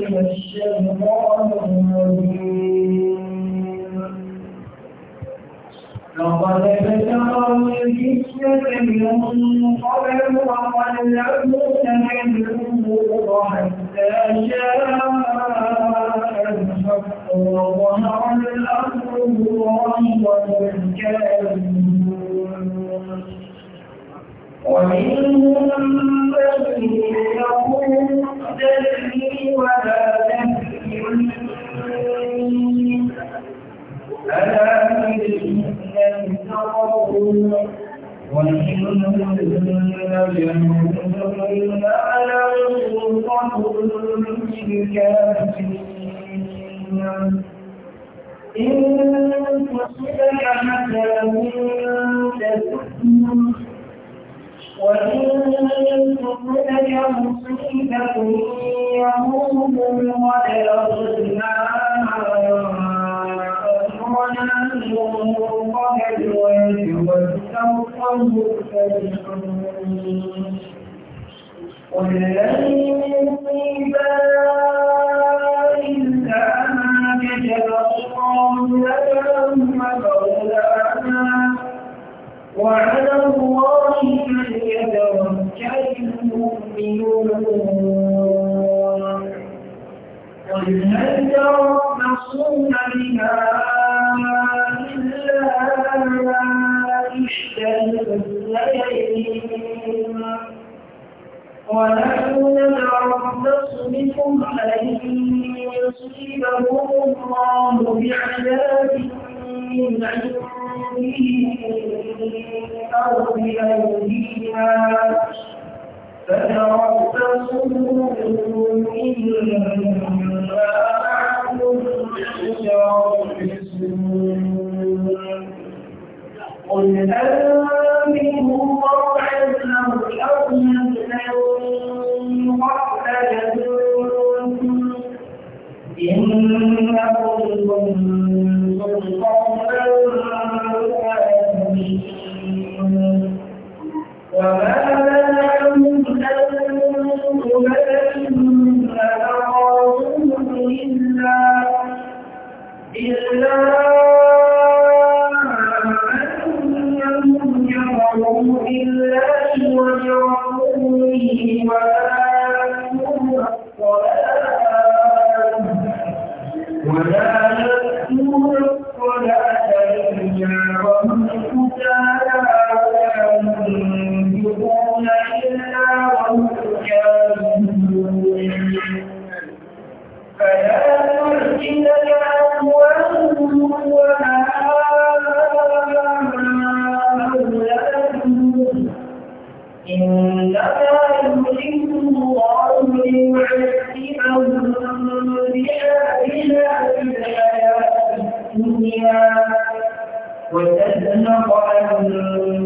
من الشيطان الرجيم لقد ابتغوا الفتنة من قبل وقلبوا منهم حتى جاء الحق وظهر الأمر ورحمة الكافرين ومنهم من يقول ذلني ولا تهلكني ألا إن كفروا وإن الجنة على سلطة للكافرين إن تصبح حسنة تسؤهم وإن تصبك مصيبة يموت وقد أخذنا أمرنا من قبل ويتوفى القوم الفرحون قل لن يصيبا إلا ما كتب الله لنا وقد أعلم وعلى الله فليتوكل المؤمنون قل هل تربصون بها إلا إحدى الحسنيين ونحن نتربص بكم أن يصيبكم الله بعذاب من عنده أو بأيدينا فتربصوا إنا متربصون قل أنبئوا مرعد أو الأرض إنكم كنتم قوما وما إنما يريد الله ليعذبهم بعذابنا في الحياة الدنيا وتزهق أنفسهم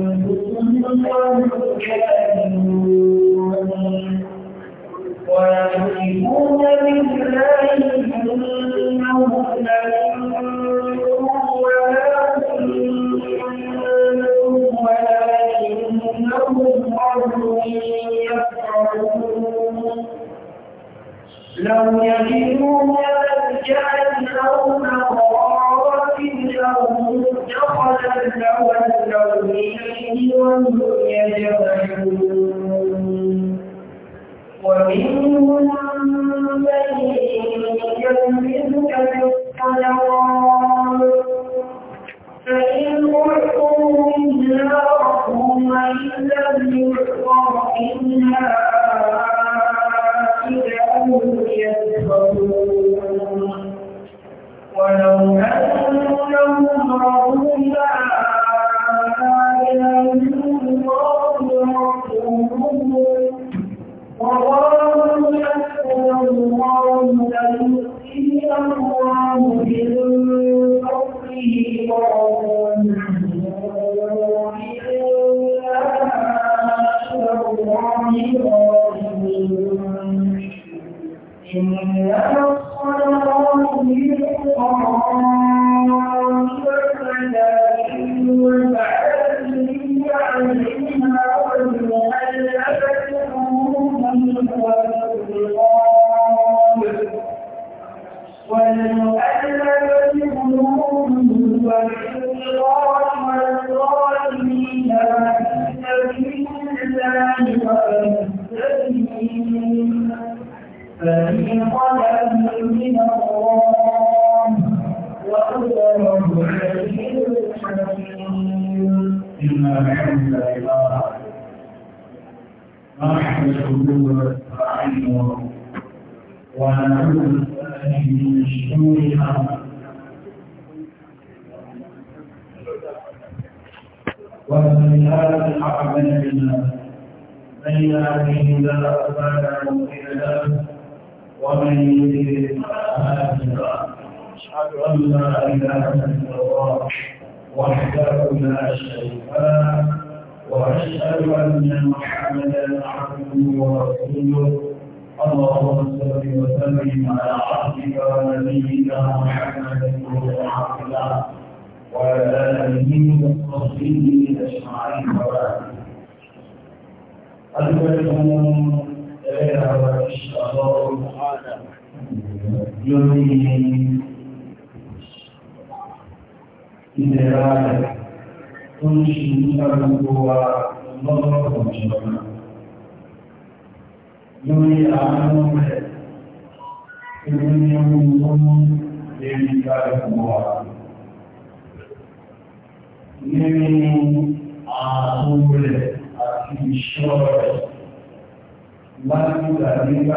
lórí ìlera rẹ̀ tó ń ṣe nípa gbogbo wa lọ́dọ̀ọ̀dọ̀ ìjọba lórí àánú rẹ̀ tó ń ní ohun tó mú lérí gbogbo wa lórí àánú rẹ̀ àti ìṣọ́ rẹ̀ láti gbàgbégbà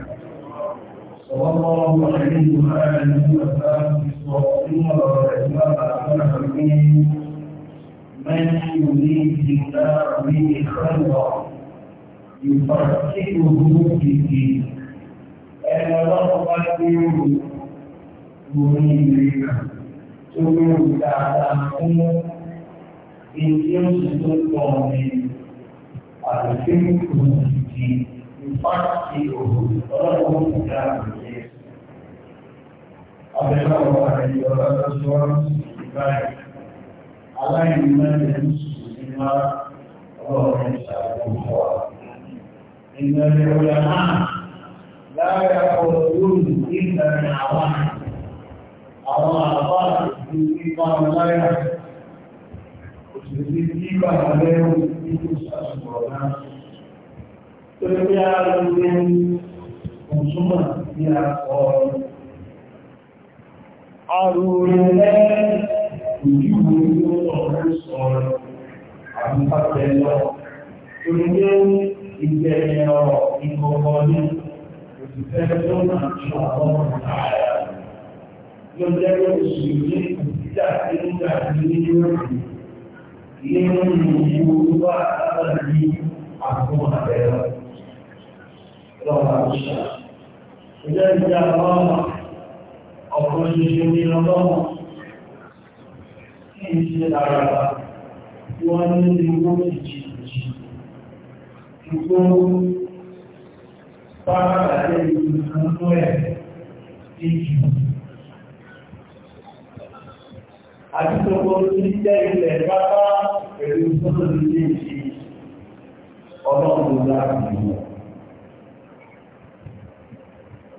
والله عليم آله وسلم بالصالحين والرحمن الرحيم من يريد الله به خيرا يفكره في الدين أنا رغبة يريد تريد أعلمه إن تكون على فكره في الدين يفكره رغبة abẹ́láwọ̀ àìyọ̀rọ̀ lọ́sọ́rọ̀ báyìí aláìmọ́lẹ̀ ń sùn sí máa ọlọ́run ìṣàkóso wa ìgbẹ̀rẹ̀ òyà náà láàrẹ ọ̀rọ̀lóòrùn ìgbẹ̀rẹ̀ àwọn àwọn àbá àti ìgbà láyà òṣèlú ìgbà lẹ́rù nínú ìṣàkóso náà tó ní bí a lè ní òṣùmọ̀ ní àkọọ́rùn Arúurú lẹ́yìn ìjúwò ló ọ̀rọ̀ sọ̀rọ̀ àbúkàtẹ̀ lọ. Torípé ìgbẹ̀yìn ọ̀rọ̀ ìkọ̀kọ̀ ní òṣìṣẹ́ tó náà ṣọ àwọn ọ̀rọ̀ ààrẹ. Yóò jẹ́ pé oṣù ní ìjà tí ń gbà sí ní Yúròpù. Ilé nínú ìwò wà lábàá ní àkókò àbẹ̀rẹ̀. Ìjẹ́ àwọn ọmọ ọ̀pọ̀ ṣeṣe ní ọlọ́wọ́ kí í ṣe àràbà wọ́n ní igbó ìjìjì igbó pàtàkì ìgbìyànjú ẹ̀ ìjì àti tọ́kọ́ tí jẹ́ ilẹ̀ pátá pẹ̀lú sọ́tọ̀ ilé ìṣe ọlọ́run láàrin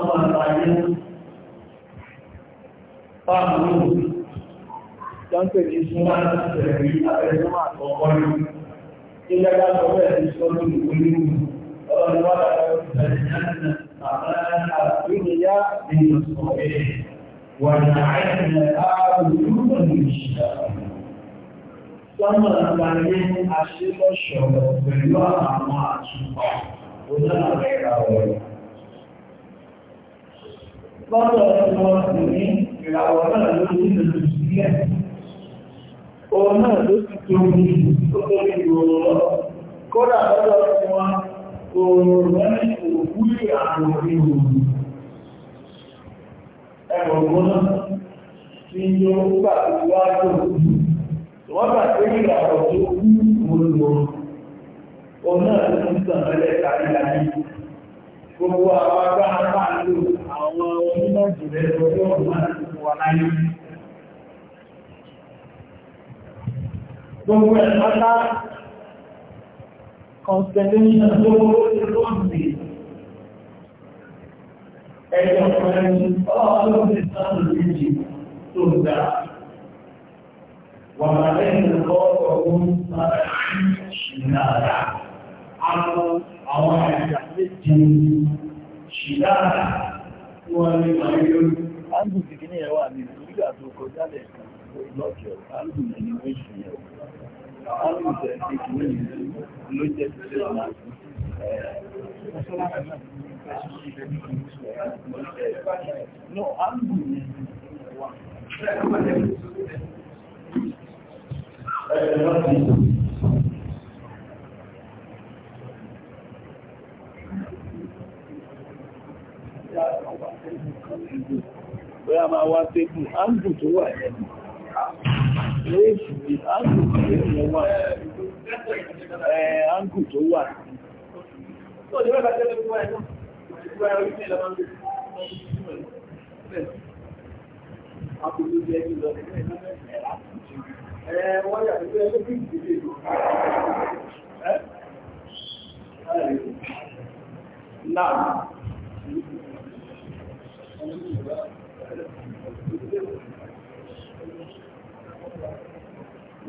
ọmọ àgbáyé fáàmù lọ́pẹ̀ ní súnmọ́ ìṣẹ̀rí abẹ́sọ́mọ́ àkọ́kọ́ ní ilẹ̀ àkọ́kọ́ ẹ̀sìn sọ́dún ìpolówó ọlọ́run wà láwọn ìṣẹ̀lẹ̀ àwọn àdúnyá nínú sọ̀rọ̀ wà ní àìsàn àrùn Sọ́mọ̀ àgbáyé aṣílọ́ṣọ̀rọ̀ pẹ̀lú àwọn àtúpà, ó dára rẹ̀ ra ọ̀rọ̀ lọ́dọ̀ ẹ̀wọ̀n sì ní ìràwọ̀ náà ló ti lòdì sílẹ̀. Òun náà ló ti tóbi tó tóbi gbòòrò lọ. Kódà lọ́dọ̀ ẹ̀wọ̀n gbòòrò lẹ́nu òwúlì àwọn ìwò. Ẹ̀wọ̀n gbóná ti yọ nígbà tó wá tó kú. Wọ́n gbà pé ìràwọ̀ tó kú gbòòrò. ti tàn mẹ́lẹ̀ kárí láyé àwọn orílẹ̀-èdè lọ́wọ́ máa ń wà láyé. Gbogbo ẹ̀ pátá sáàrùn méjì tó dá. Wà lẹ́yìn lọ́pọ̀ ohun sára ṣìdára. Àwọn àwọn àjà méjì ṣìdára. Ángù ti kí ní ẹwà ní ìgbà tó kọjá lẹ̀ lọ́kì ọ̀rọ̀ ángù ní ìwé ìṣìyàn. Ángù tẹ̀ sí kí ní ló jẹ́ sí ṣe ọ̀nà No, ángù ní ẹwà. bóyá máa wá tébù áńgù tó wà ẹ̀yẹn tó wà tó wà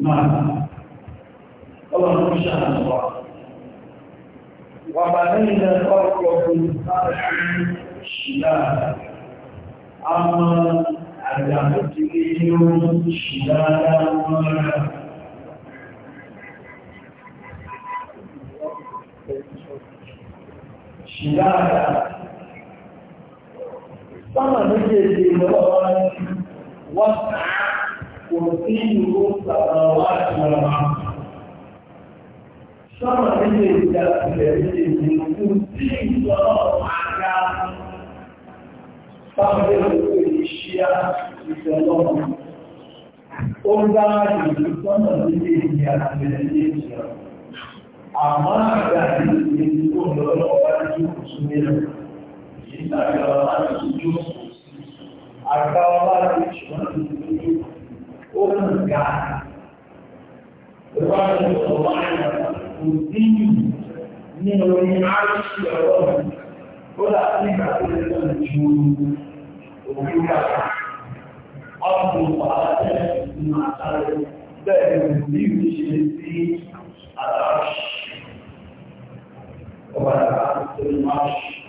نعم الله شاء الله وبنينا فوقكم سبعا شدادا أما أجابتكم شدادا شدادا sọ́nà méjèèjì lọ́wọ́ wọ́n sáà kò sí ìlú sọ̀rọ̀ wá ìṣòro sọ́nà méjèèjì àtìlẹ̀ méjèèjì kò sí ìṣòro àga sáwọn ẹgbẹ́ ìṣíà ìṣẹ̀lọ́ ó ń dá ìlú sọ́nà méjèèjì àtìlẹ̀ méjèèjì àmọ́ àgbà ìlú ìlú tó lọ́wọ́ wájú òṣùmẹ́rẹ̀ àgbà ọlá ti ṣojú àgbà ọlá ti ṣùgbọ́n ìṣojú ó ń ga ìwà ìṣòro àyà kò dínyù ní orí àìsí ọ̀rọ̀ ó dà sí ìgbà tó lè lọ ju òkú kàkà ọkùnrin pàtàkì ìsinmi àtàrẹ bẹ́ẹ̀ ni òbí ìṣe sí àtàrẹ ọba àtàrẹ tó lè máa ṣe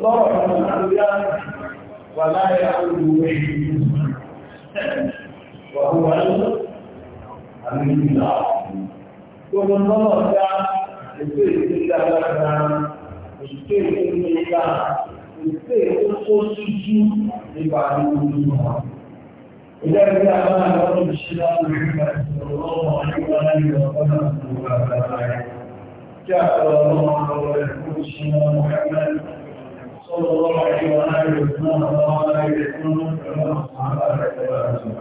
lọ́rọ̀ ọ̀rọ̀ àlúyá wà láyé àlúwẹ̀ wà wà lọ àlúyà gbogbo lọ́rọ̀ ya ètò ètò ìdágbàgbà ètò ètò ìgbà ètò ètò tó ṣíjú nípa àlúwẹ̀ إذا كنت أمام الله الشيطان محمد صلى الله عليه وسلم جاء الله ورسوله محمد صلى الله عليه وآله وسلم وآله وسلم كما أصحاب الكلام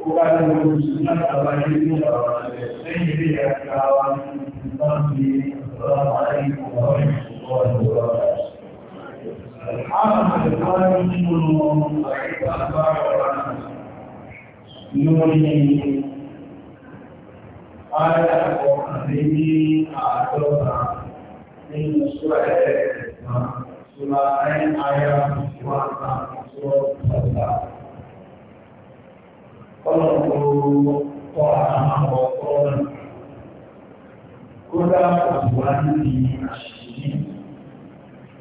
وقال ابن سنة أبيه سيدي أكاوان السلام عليكم ورحمة الله وبركاته الحافظ القائم من صحيح أخبار القرآن يولي آية القرآن الذي أعطوها من سورة الإسلام Surah Al ayat 114. Kalau orang maupun kuda perempuan di masjid,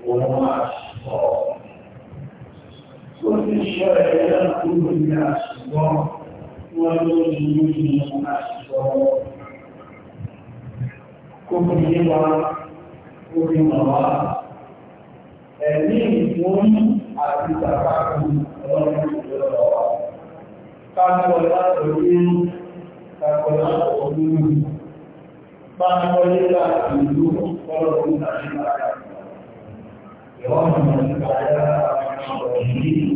rumah sekolah. Kursi syariah dunia sekolah, walau dunia Kumpulan, kumpulan, ẹ̀mí ìwọ́n àti ìtàkàkù ọlọ́run ìjọba wa. Kákọ̀ọ́lá òní, kákọ̀ọ́lá òní, bákọ̀ọ́lé láti ìlú ọlọ́run àti ìtàkàkù. Ìwọ́n mọ̀ nípa ẹ̀yà àwọn ọ̀rẹ́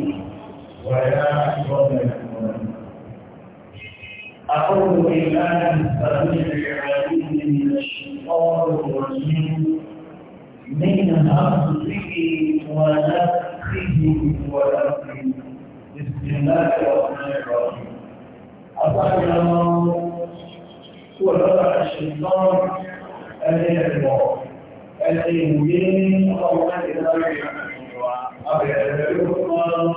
ولا يظلم أعوذ بالله السميع العليم من الشيطان الرجيم من همزه ونفسه ونفسه بسم الله الرحمن الرحيم أصحاب الله هو رفع الشيطان أليه الله أليه مجين الله إلهي أبي أبيكم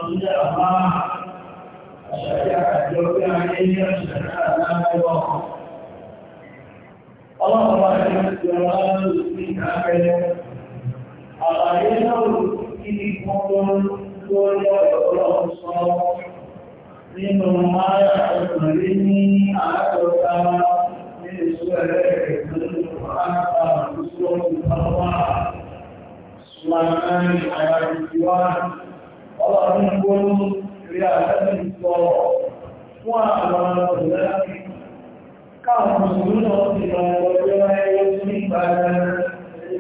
إلى الله الشريعة الجوزي عليه الشريعة لا الله الله سبحانه وتعالى في àlàyé náà ibi kan lórí ọlọ́run gbóòrò rí àtẹ́sì sọ fún àwọn ọ̀dọ́ láti káwọn mùsùlùmí ti lọ ọjọ́ ẹyẹ tó nígbà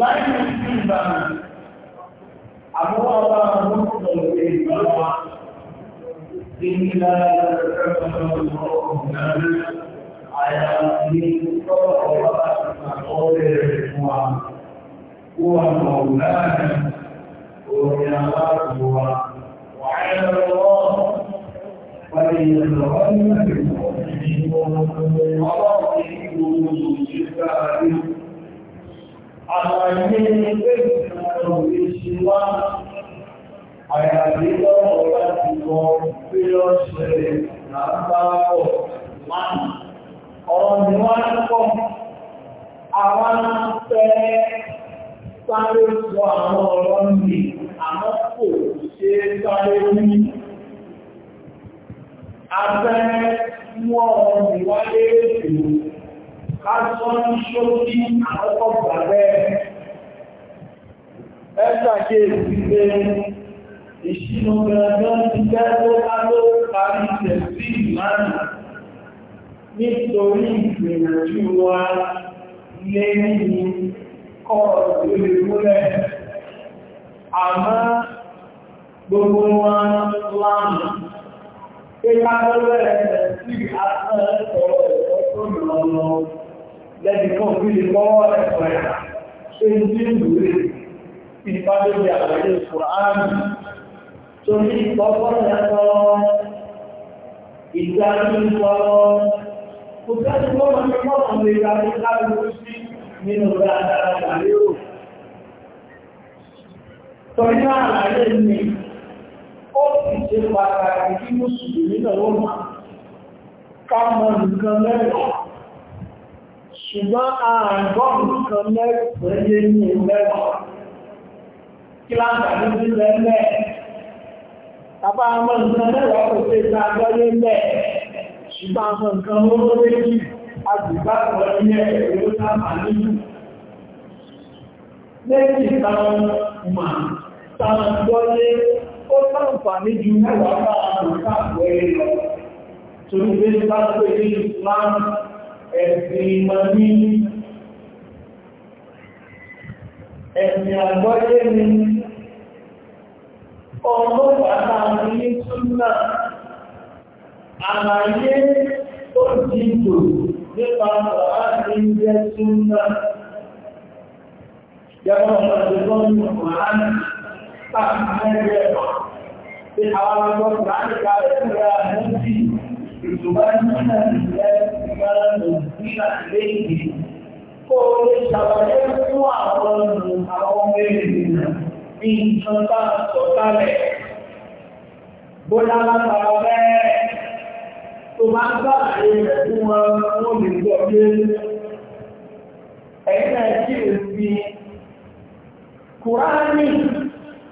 láì ní sí ìbára àbúrò ọba àwọn ọmọ ìgbàlọ́wà إِلَّا هو مولانا ومن وعلى الله فليتغنى بالمؤمنين ومن الله يجب àlàyé ilé ìgbìmọ̀ ìṣe wá àyàbí lọ́wọ́ láti mọ pé ó ṣẹlẹ̀ láńbáwọ̀ máa ọ̀rọ̀ ni wọ́n ń pọ̀ àwọn fẹ́ sáré sọ àwọn ọ̀rọ̀ nì àmọ́ kò ṣe sáré ní abẹ́ mú ọ̀rọ̀ ìwáyé ètò aṣọ ní ṣókí àkọ́kọ́ gbàgbẹ́ ẹ́sà kí èsì pé ìṣínú gbẹ̀rẹ̀ ti jẹ́ tó bá tó parí tẹ̀sí ìmáàrùn nítorí ìgbìyànjú wa lẹ́yìn kọ́ọ̀rọ̀ tó lè múlẹ̀ àmọ́ gbogbo wọn lánàá pé ká lọ́rẹ̀ sí àtàrà ẹ̀kọ́ ẹ̀kọ́ tó lọ́lọ́ lẹ́bi kan fi lè kọ́wọ́ ẹ̀kọ́ ẹ̀yà ṣe ń tí ìlú rẹ̀ ìpàdébí àgbàdé ìfòránì tó ní ìpọ́pọ́rọ̀ ẹ̀kọ́ ìdájú ìpọ́rọ̀ kò sẹ́ni wọ́n máa ń kọ́kọ́ lè ra ní káàkiri sí nínú dáadáa àgbàlérò tọ́jú àlàyé ni ó sì ṣe pàtàkì kí mùsùlùmí náà wọ́n máa ká mọ nǹkan mẹ́rin ṣùgbọ́n àgbọ́n kan mẹ́rẹ̀ ní mẹ́rẹ̀ kí láǹkà ní sí lẹ́lẹ́ bàbá ọmọ nǹkan mẹ́rẹ̀ kò tẹ́ ta gbọ́lé mẹ́ ṣùgbọ́n àwọn nǹkan owó méjì agbègbàgbọ́ ilé ẹ̀rọ sáàmà nínú méjì táwọn mà táwọn gbọ́lé ó sáǹfà ní ju mẹ́wàá bá àwọn sáàpọ̀ ẹ̀rọ torí pé bá pé ní ìsìláàmù ẹ̀sìn ìmọ̀ ní ẹ̀sìn àgbọ́yé ni ọlọ́pàá náà ní súnmà àlàyé tó dìbò nípa ọ̀háàrí ilẹ̀ súnmà yàmọ́ ọ̀pàá ìgbọ́n Táàkì mẹ́rin ẹ̀kọ́, tí àwọn ọmọ ọmọ ìgbà سبحان الله ما نزل عليه kó o lè ṣàlàyé fún àwọn ọmọ àwọn ọmọ ènìyàn ní nǹkan bá sọ̀kalẹ̀ bóyá látara bẹ́ẹ̀ tó máa ń sàlàyé rẹ̀ fún wọn wọ́n lè gbọ́ pé ẹ̀yìn náà kí lè fi kùránì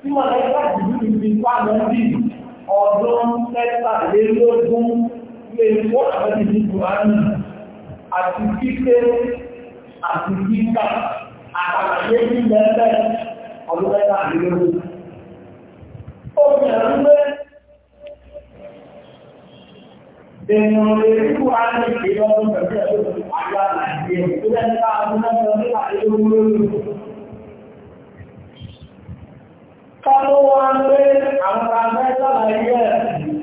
tí wọ́n lè gbàgbé níbi fáwọn bíi ọdún mẹ́tàlélógún pípé ó àbẹ́bí ní kùránì àti pípé àti pípà àtàlàyé ní lẹ́lẹ́ ọdún mẹ́ta àdínlẹ́wò. Ó fi ẹ̀rú pé èèyàn lè rí kùránì ìlọ́dún pẹ̀lú ẹ̀rọ ìpàdé ọdún mẹ́ta nípa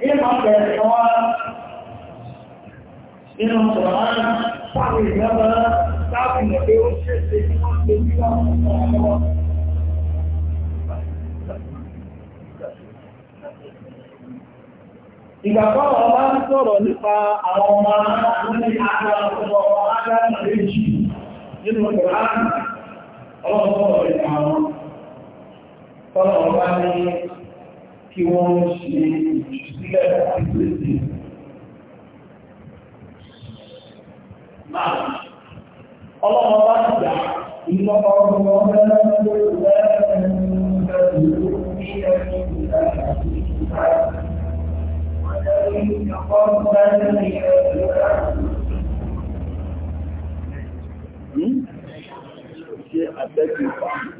ìmọ̀ ma kan wá nínú ṣọ̀rán sáàrì ìjọba láti mọ̀ pé ó ṣẹ̀ṣẹ̀ tí wọ́n ṣe ní ọ̀pọ̀lọpọ̀ ìgbàgbọ́ ọba ń sọ̀rọ̀ nípa àwọn ilẹ̀ ìgbésí. Máa ọlọ́mọ bá ti dà ìmọ̀ ọmọ ọ̀rẹ́ lórí ẹ̀rẹ́ Ṣé àtẹ́kì ìpàdé?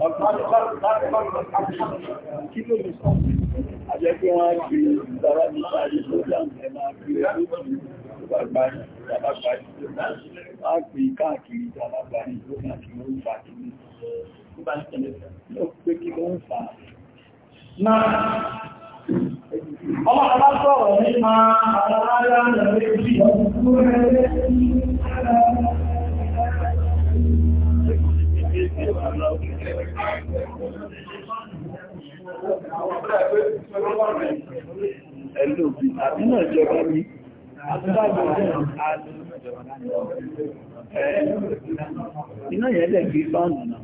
Kí ló lè sọ? Àjẹ́ pé wọ́n á gbé ìdára ní ààrẹ tó dáàmù ẹ máa gbé ẹgbẹ́ tó bá gbáyé, ìjàlágbáyé tó dáàmù. Á gbé káàkiri ìjàlágbáyé tó káàkiri ó ń fa kìí. Ó pé kí ló ń fa? Náà, ọmọ ọlá sọ̀rọ̀ nípa àwọn ará Ẹ̀lú òbí, àbí náà jọba ní, àtúbàbọ̀ iná yẹn náà gbé fáànù náà.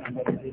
Thank you.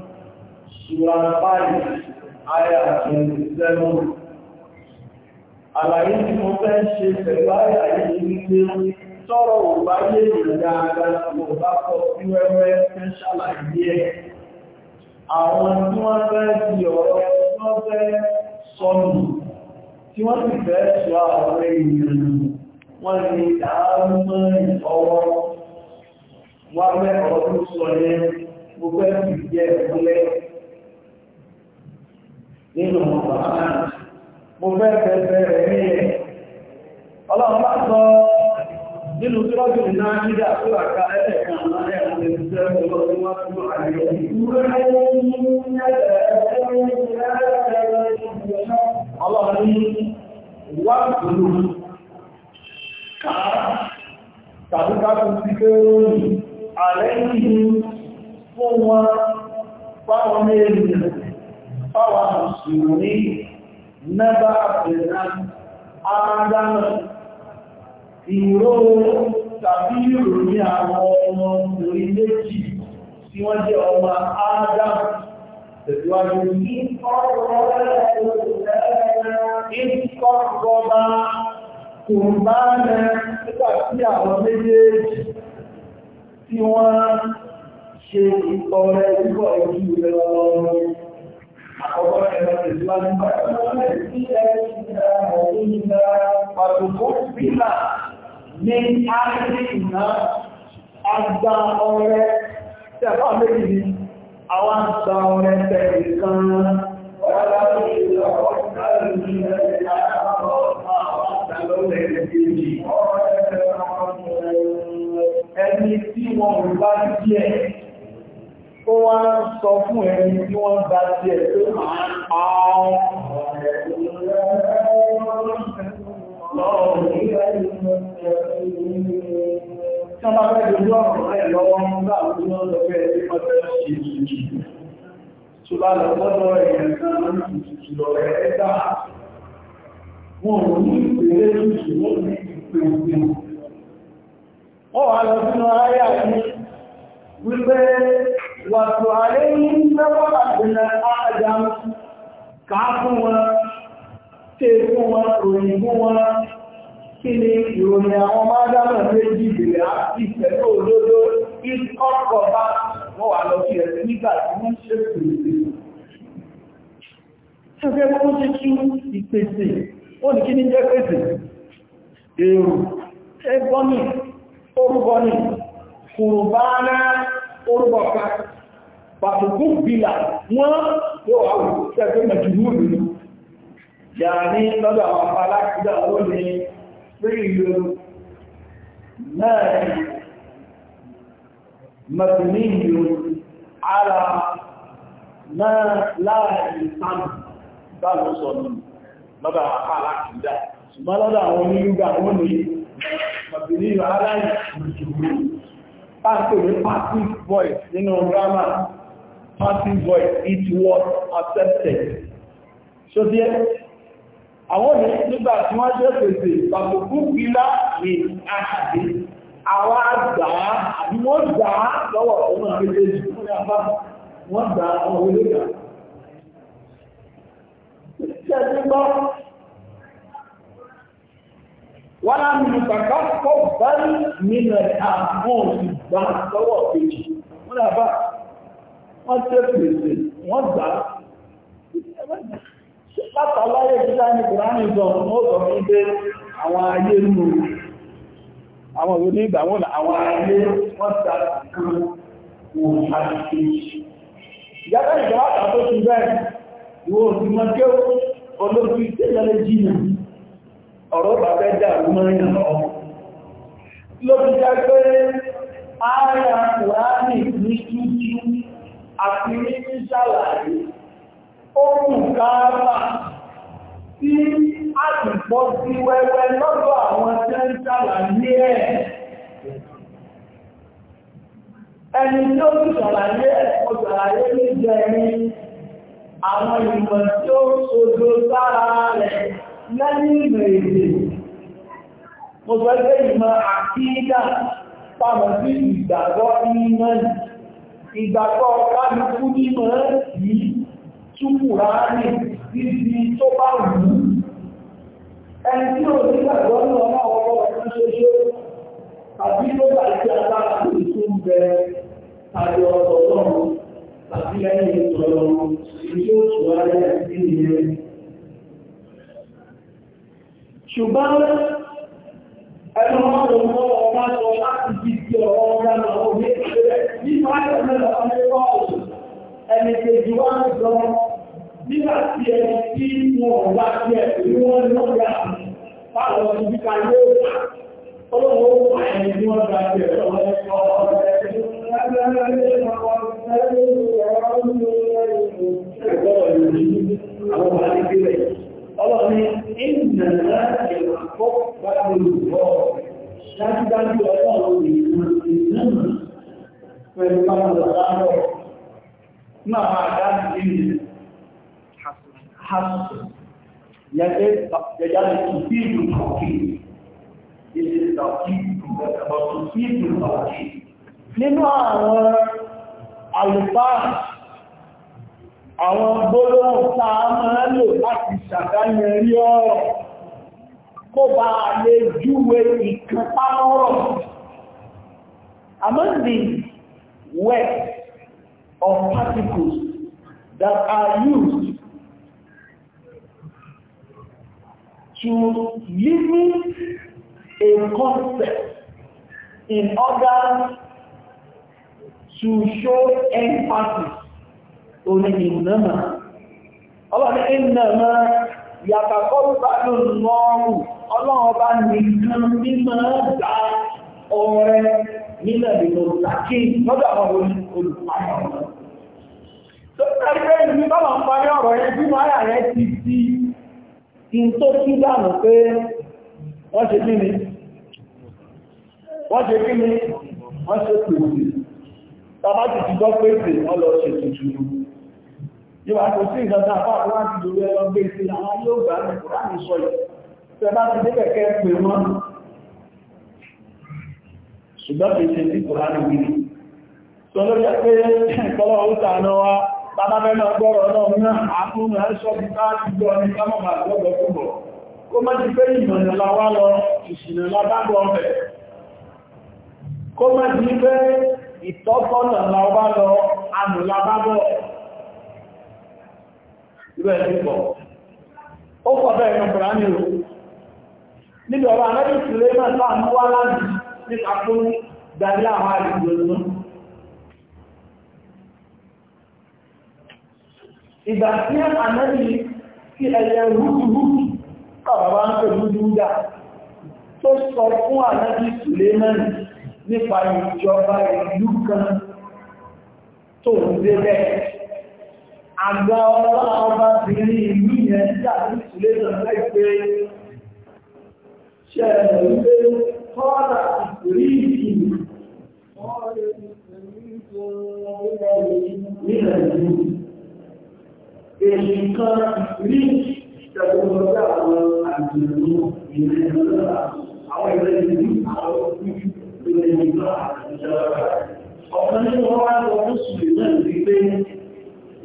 Surah 5, Ayah 27. Àlàyé tí mo fẹ́ ṣe pẹ̀lú àyà yìí wípé tọ́rọ ò bá yé ìdáadáa mo bá kọ sí wẹ́wẹ́ fẹ́ ṣàlàyé ẹ̀. Àwọn tí wọ́n fẹ́ di ọ̀rọ̀ tí wọ́n fẹ́ sọnù tí wọ́n sì fẹ́ sọ àwọn èèyàn wọ́n lè dáhùn mọ́ ìfọwọ́ wọ́n fẹ́ ọdún nínú ọ̀pàá mo fẹ́ fẹ́fẹ́ rẹ̀ ní ẹ̀ ọlọ́run bá sọ nínú tírọ́jù ní náà nígbà tó àká ẹ̀ẹ̀kan láàrin àwọn ẹ̀sẹ̀ ọlọ́run wá fún fáwọn mùsùlùmí nẹ́bà àbẹ̀rẹ̀ àádámà ìró tàbí ìròyìn àwọn ọmọ orí méjì tí wọ́n jẹ́ ọmọ àádámà tẹ̀síwájú ní ìkọ́rọ̀bá kùnbánà nígbà tí wọ́n ṣe ìtọrẹ ìgbọ̀ ìjú rẹ̀ Àkọ́kọ́ ẹ̀rọ tẹ̀síwájú bá ọ̀dùnkú pílà ní àríkìná àgbà ọrẹ tí a fáwọn méjì ní àwọn àgbà ọrẹ tẹ̀lé kan ọ̀rọ̀ ìlọ̀ ọ̀rọ̀ ìlọ̀ ẹni tí wọn ò bá díẹ̀ ó wá ń sọ fún ẹni tí wọ́n bá sí ẹ̀ tó máa ń pa ọ́ Tọ́lá fẹ́ dojú ọ̀rọ̀ rẹ̀ lọ́wọ́ ń bá àwọn ọmọ ọ̀fẹ́ ẹgbẹ́ ọjọ́ ṣe ìjì. Tó bá lọ gbọ́dọ̀ ẹ̀yẹ̀ kan ìtùtù lọ rẹ̀ ẹ́dà. Wọ́n ò ní ìpele ìtùtù wọ́n ní ìpele ìpele. Wọ́n wà lọ sínú ayé àti wípé wàtò ààrẹ yìí mẹ́wọ́ àgbìnà àjàm káàkùn wọn tẹ́ẹ̀kùn wọn òyìnbó wọn kí ni ìròyìn àwọn mádámọ̀ méjì bèèrè àti ìfẹ̀lú òdodo ìkọ́kọ̀ bá wọ́n wà lọ sí ẹ̀sẹ̀ nígbà tí wọ́n ṣe pèsè ṣẹ́fẹ́ wọ́n ṣe tú ìpèsè wọ́n ní kí ní jẹ́ pèsè èrò ẹgbọ́nì orúbọ́nì kùrùbánà orúkọ kan pàtàkù bílà wọ́n yóò wà wù sẹ́gbẹ́ mẹ́jùlú ìlú yà ní lọ́dọ̀ àwọn alákìdá lónìí rí ìlú náà mẹ́tùní ìlú ara náà láàrin sáàmù bá lọ́sọ̀ nínú lọ́dọ̀ àwọn alákìdá ṣùgbọ́n lọ́dọ̀ àwọn onílúgbà wọ́n ní mẹ́tùní ìlú ara ìlú pàtó passive voice nínú grammar passive voice it was accepted so I want díẹ̀ àwọn ní nígbà tí wọ́n jẹ́ pèsè ìpàkókú bílá ní àṣàdé àwọn àgbà àbí wọ́n gbà á lọ́wọ́ ọmọ méjèèjì fún ní apá wọ́n gbà àwọn olóògbà wọ́n á ní bàbá kọ́ báyìí nínú àwọn ìgbà lọ́wọ́ kejì wọ́n náà bá wọ́n tẹ́ pèsè wọ́n gbà á. Láta láyé títà ní Kùránì gan, wọ́n sọ fún pé àwọn ayé nù àwọn òní ìgbà wọn àwọn ayé wọ́n ta kan wọ́n á ṣe. Ìyáta ìjọba ọ̀rọ̀ bàbẹ́ dàrú mọ́rin ọmọ ló ti jẹ́ pé ààrẹ kùránì ní tútù àti ní ṣàlàyé ohun káàbà tí a ti pọ́ sí wẹ́wẹ́ lọ́dọ̀ àwọn tẹ́ ń ṣàlàyé ẹ̀ ẹni tí ó ti ṣàlàyé ẹ̀kọ́ ṣàlàyé ní jẹ́ ní àwọn ìmọ̀ tí lẹ́yìn ìmọ̀ èdè mo sọ pé ìmọ̀ àkídà pàmọ̀ sí ìgbàgbọ́ ìmọ̀ ìgbàgbọ́ kálukú nímọ̀ yìí túkùrá ní títí tó bá wù ú ẹni tí ó ní gbàgbọ́ ní ọmọ ọwọ́ ọ̀tún ṣoṣo àbí ló bá ti agbára tó ń bẹ tàbí ọ̀tọ̀ lọ́rùn àbí ẹni ìtọ̀lọ́rùn ṣùgbọ́n ẹnu wọn ló mọ́ ọmọ lọ láti fi ti ọ̀rọ̀ ọ̀gá náà ó ní ìṣẹ̀lẹ̀ nínú ayọ̀ mẹ́lẹ̀ ọmọ ẹgbẹ́ ọ̀sùn ẹni kejì wá ń sọ nígbà tí ẹni tí wọn bá ti ẹ̀ ní wọ́n ní ọ̀gá báwọn ọmọ ibi ká yóò wà olóòwò wà ẹni tí wọ́n bá ti ẹ̀ lọ́wọ́ ẹ̀kọ́ ọ̀rọ̀ ẹ̀kọ́ ọlọ́run ìnà láti àkọ́ pàdé ìwọ̀ dájúdájú ọlọ́run ìrìnà pẹ̀lú pàtàkì máa dájú ìrìn hasu yàgbé jẹjáde ìfí ìlú kọ̀kí ìṣe ìdàkí ìgbẹ̀kọ̀kí nínú àwọn àlùfáà àwọn gbólóhùn táa máa lò láti ṣàdáyẹrí ọ̀rọ̀ kó bá lè júwe ìkan pánọ́rọ̀ among the words of particles that are used to limit a concept in order to show emphasis ó ní ìnáma ọlọ́ni ìnáma yàtàkọ́ pàdó lọ́rùn ọlọ́run bá nìkan mímọ́ dá ọrẹ nílẹ̀ ìlú tàkì lọ́dọ̀ àwọn olùpàdé ọ̀rọ̀ tó tẹ́lẹ̀ ìlú bọ́lọ̀ ń parí ọ̀rọ̀ yẹn bí wáyà ti di kí n tó kí dànù pé wọ́n ṣe kí ni wọ́n ṣe kí ni tàbátì ti gbọ́ pé ìpè wọ́n lọ ṣe tuntun yíwa kò sí ìgbàta àpapọ̀ láti lórí ẹlọ gbé sí àwọn yóò gbà ní kùránì sọ yìí tẹ bá ti dé kẹ̀kẹ́ pè wọ́n ṣùgbọ́n kì í ṣe sí kùránì wíri sọ lórí pé ìkọlọ̀ òta náà wá bàbá mẹ́nà gbọ́rọ̀ náà ní àkúrùn ẹ̀ṣọ́ bí ká ti gbọ́ ní kámọ̀mà lọ́gbọ̀ púpọ̀ kó mọ́ ti pé ìmọ̀nà la wá lọ ìṣìnà la bá bọ́ ọ̀fẹ́ kó mọ́ ti pé ìtọ́kọ́nà la wá lọ àmù la bá bọ́ ọ̀fẹ́ ìwé ẹ̀sìn pọ̀ ó pọ̀ bẹ́ẹ̀ ní ọ̀pọ̀lá ní o níbi ọ̀rọ̀ anábì ìṣúlé náà sáà ń wá láti ní kakún dàbí àwọn àdìgbò nínú ìgbà tí anábì kí ẹyẹ rúdurú kàbàbá ń pè rúdúdà tó ń dé bẹ́ẹ̀ àgbà ọlọ́run ti rí ìlú yẹn jà ní ìtìlẹ̀ pé ṣẹlẹ̀ wípé kọ́ọ̀lá ìrí ìlú nílẹ̀ ìlú èyí kan rí ìjọba àwọn àjìnàmú ìrìn ìrọ̀lẹ́ àwọn ìrẹ́ ìlú àwọn ìrìn ìrọ̀lẹ́ ọ̀kan nínú wọn wá lọ fún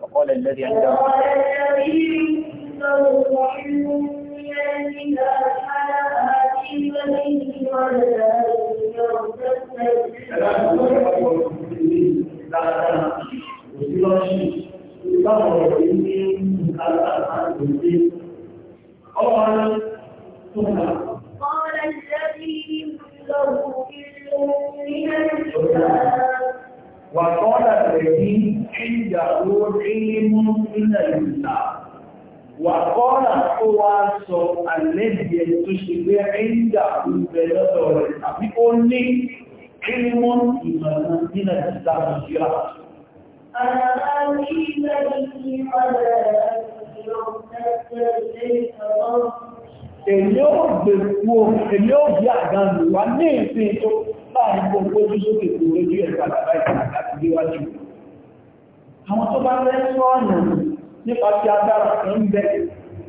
وقال الذي عنده وقال الذي عنده علم من الكتاب على هذه بنيه ولا يرتد Ọlọ́run tó ń bá قال الذي عنده علم من الكتاب وقال هو سوء الذي يتشبه عنده بلده الحبيب أني علم من الكتاب الجراح أنا أريد به على Èyí ó gbèkú èyí ó bí àgbàmù wà ní ìpín tó bá ìgbòkó tó sókè kò lójú ẹ̀kọ́ àgbà ìpàdà àgbéwájú. Àwọn tó bá rẹ́ sọ́ọ̀nà nípa ti agbára kan bẹ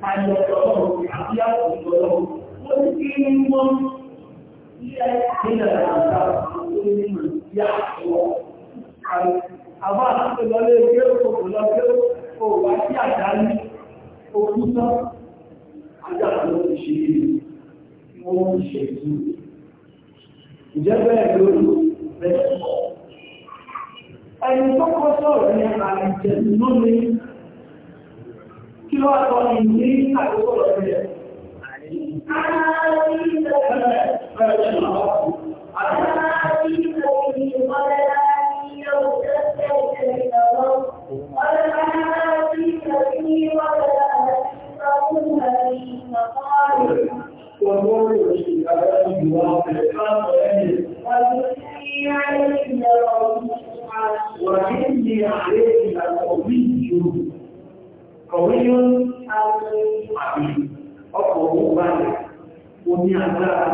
ayọ̀ ọlọ́run àti àkókò ọlọ́run. Ó ti kí ní wọ́n ilé ìpínlẹ̀ àgbà tó ní ìyá àwọ̀. Àwọn àtúntò lọlé ilé òkòkò lọlé òwà sí àdáni òkúta àjàkùn òṣèlú wọ́n ń ṣètú. Ìjẹ́bẹ̀ẹ́ lórí rẹ̀ ẹni tó kọ́ sọ̀rọ̀ ní àìjẹ̀ lónìí kí ló wà sọ ìní àkókò rẹ̀ rẹ̀. Thank you. وإني عليك قوي قوي عبيد ọkọ̀ọ̀wọ̀ báyìí omi àgbára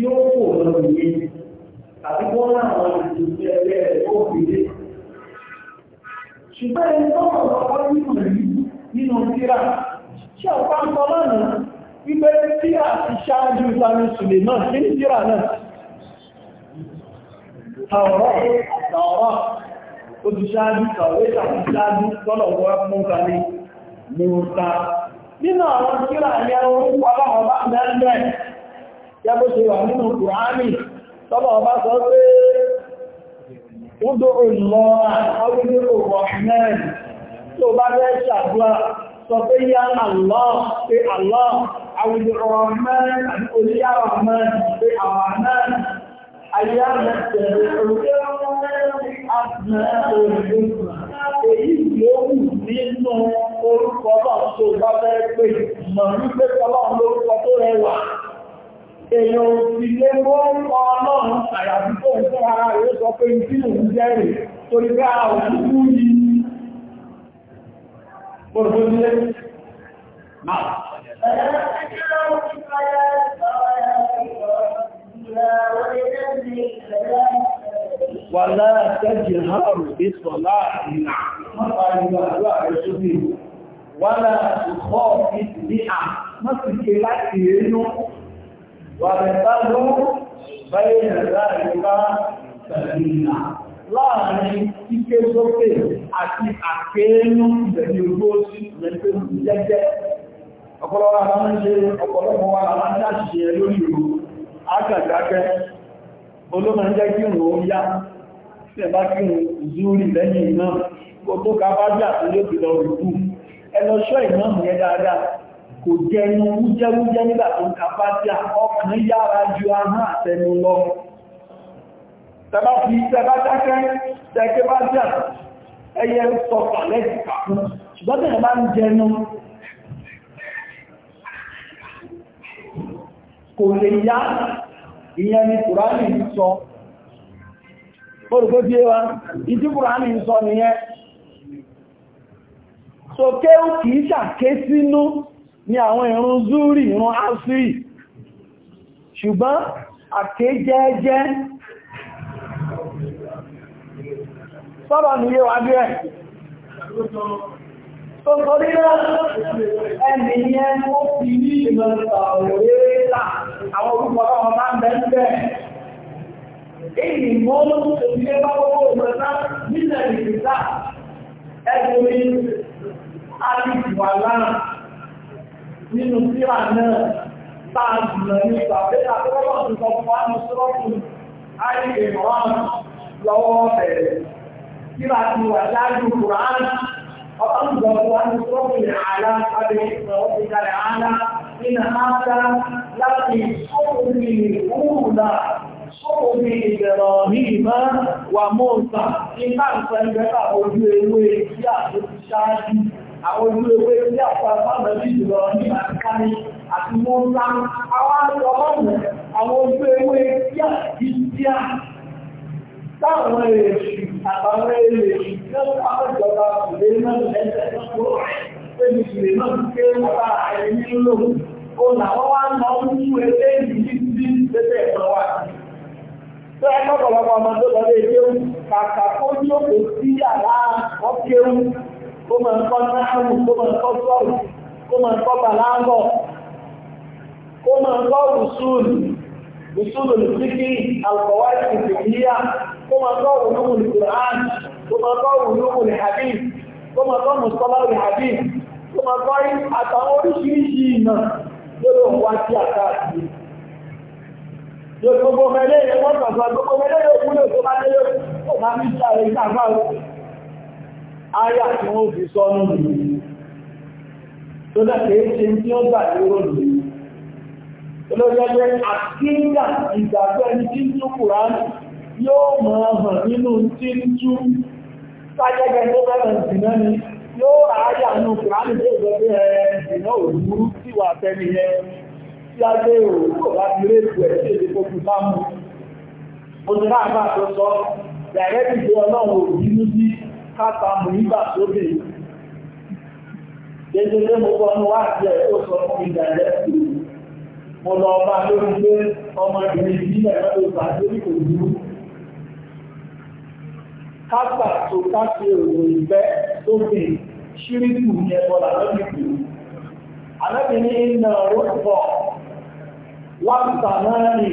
yóò kò lọ nìyẹn tàbí wọ́n láwọn ìdíje ẹgbẹ́ òkèlè ṣùgbọ́n ẹni tọ́wọ́ ọ̀pọ̀ nínú èyí nínú tíra ṣe ọ̀pá ń sọ lánàá wípé tíra ti ṣáájú tàọ̀rọ̀ tàọ̀rọ̀ tó ti ṣáájú tàwé tàbí ṣáájú tọ́lọ̀ wọ́n mọ́ta ní mọ́ta nínú àwọn kíra ní orúkọ ọlọ́wọ́ bá mẹ́rẹ́ yàbó ṣe wà nínú kùránì tọ́lọ̀ bá sọ pé Wúdó ìlọ àwúrí òwò mẹ́rin tó bá rẹ̀ ṣàdúrà sọ pé yá Allah pé Allah àwúrí òwò mẹ́rin àti oníyàwó mẹ́rin pé àwọn mẹ́rin أيام التبعون أثناء الحكمة èyí tí ó wù nínú orúkọ náà tó bá bẹ́ẹ̀ pé mọ̀ wípé tọ́lá lórúkọ tó rẹwà èèyàn ti ولا تجهر بصلاتنا ولا تخافت بها ما تكلت منه وابتغوا بين ذلك سبيلا láàrin kíké sókè àti àkéénú ìbẹ̀lẹ̀ ogóòsí lẹ́gbẹ̀rún jẹ́jẹ́ ọ̀pọ̀lọpọ̀ àwọn ṣe ọ̀pọ̀lọpọ̀ wà láwọn dáṣẹ́ lórí ìròyìn ákàtàkẹ́ olóma ń jẹ́ kí rùn ó yá sí ẹ̀bá kí rùn zúrí lẹ́yìn náà kò tó ká bá jà tó ló ti lọ rùkú ẹlọ́ṣọ́ ìmọ̀mù yẹn dáadáa kò jẹnu wújẹ́wújẹ́ nígbà tó ń kápá jà ọkàn yára ju ahọ́n àtẹnu lọ tẹbá fi tẹbá dákẹ́ tẹkẹ́ bá jà ẹyẹ sọ pàlẹ́ ìkàkùn ṣùgbọ́n tẹ̀yẹ bá ń jẹnu kò lè yá ìyẹn ni kùránì ń sọ orùkó tí é wá ìdí kùránì ń sọ nìyẹn so kéhù kìí ṣàké sínú ni àwọn ìrun zúrì ìrun asiri ṣùgbọ́n àké jẹ́ẹ́jẹ́ sọ́rọ̀ nìyẹ wá bí ẹ̀ tó sọ nílá ẹni yẹn ó fi ní ìmọ̀ta òwúrẹ́ta àwọn orúkọ ọmọ máa ń bẹ́ ń bẹ́ èyí mọ́ òṣìṣẹ́ bá gbogbo òmìnira nílẹ̀ ìgbìta ẹgbẹ̀mí àríwá lára nínú síra náà táà jùlọ nípa pẹ́ta tó lọ́wọ́ ti sọ fún wa ní sọ́ọ̀kù àìkè mọ́ lọ́wọ́ bẹ̀rẹ̀ síra ti wà láàrín kùránì وأنظر أن ربنا على قبل ربك الأعلى إن هذا لفي صحف الأولى صحف إبراهيم وموسى إن أحسن بك أوجه ويجي أحسن àwọn ojú ewé tí àpapọ̀ àbẹ̀bí ìjọba ní àkàní àti mọ́ta àwọn àjọ ọmọ àwọn ojú ewé tí àti tí àti táwọn èèṣù àtàwọn èèṣù tí ó sáwọ́jọba ìlé náà lẹ́sẹ̀ tó kó pébi ìlé náà ké wọ́pá ẹni nílò ó làwọn wá ń lọ mú ẹgbẹ́ ìdí sí lẹ́sẹ̀ ẹ̀tọ́ wa. tó ọ̀pọ̀lọpọ̀ ọmọ tó lọ kàkà kó jókòó sí yàrá kó ń kọ́ kó ń kọ́ sọ́ọ̀rù kó ń kọ́ bàlágọ̀ kó ń kọ́ usul al-fiqh al-qawaid al-fiqhiyah kuma kọ́ ulum al-Qur'an kuma kọ́ ulum al-hadith kuma kọ́ mustalah al-hadith kuma kọ́ àtàwọn oríṣiríṣi ìmọ̀ lórí òun wá sí àkáàkiri yóò gbogbo mẹ́lẹ́ ìwọ́n kàfà gbogbo mẹ́lẹ́ yóò kúlò tó bá lélẹ́ tí wọ́n fi sọ́nù nìyí tó dá kèé ṣe tí ó gbà lérò nìyí olóyẹ́gbẹ́ àkíńdà ìgbàgbọ́ ẹni tí ń tú kùránì yóò mọ̀ hàn nínú tí ń tú sájẹ́gbẹ́ tó bẹ̀rẹ̀ ìsìnà ni yóò ráyà nínú kùránì tó ìgbẹ́gbẹ́ ìsìnà òwúrú tí wà tẹ́ni yẹ tí a gbé òwúrò bá ti réèkù ẹ̀ sí èdè kó fi nígbà tó dé Dédé lé mo gbọ́ ní sọ fún ìdàrẹ́tì mo ọba bá lórí pé ọmọbìnrin ìbílẹ̀ lọ́dọ̀ bá lórí kò dúró. Kápà tó kápẹ́ òwò ìfẹ́ tó fi ṣíríkù ní ẹ̀bọ̀là lọ́dún ìlú. Àlẹ́bìnrin iná rọ́pọ̀ wọ́n sàmárì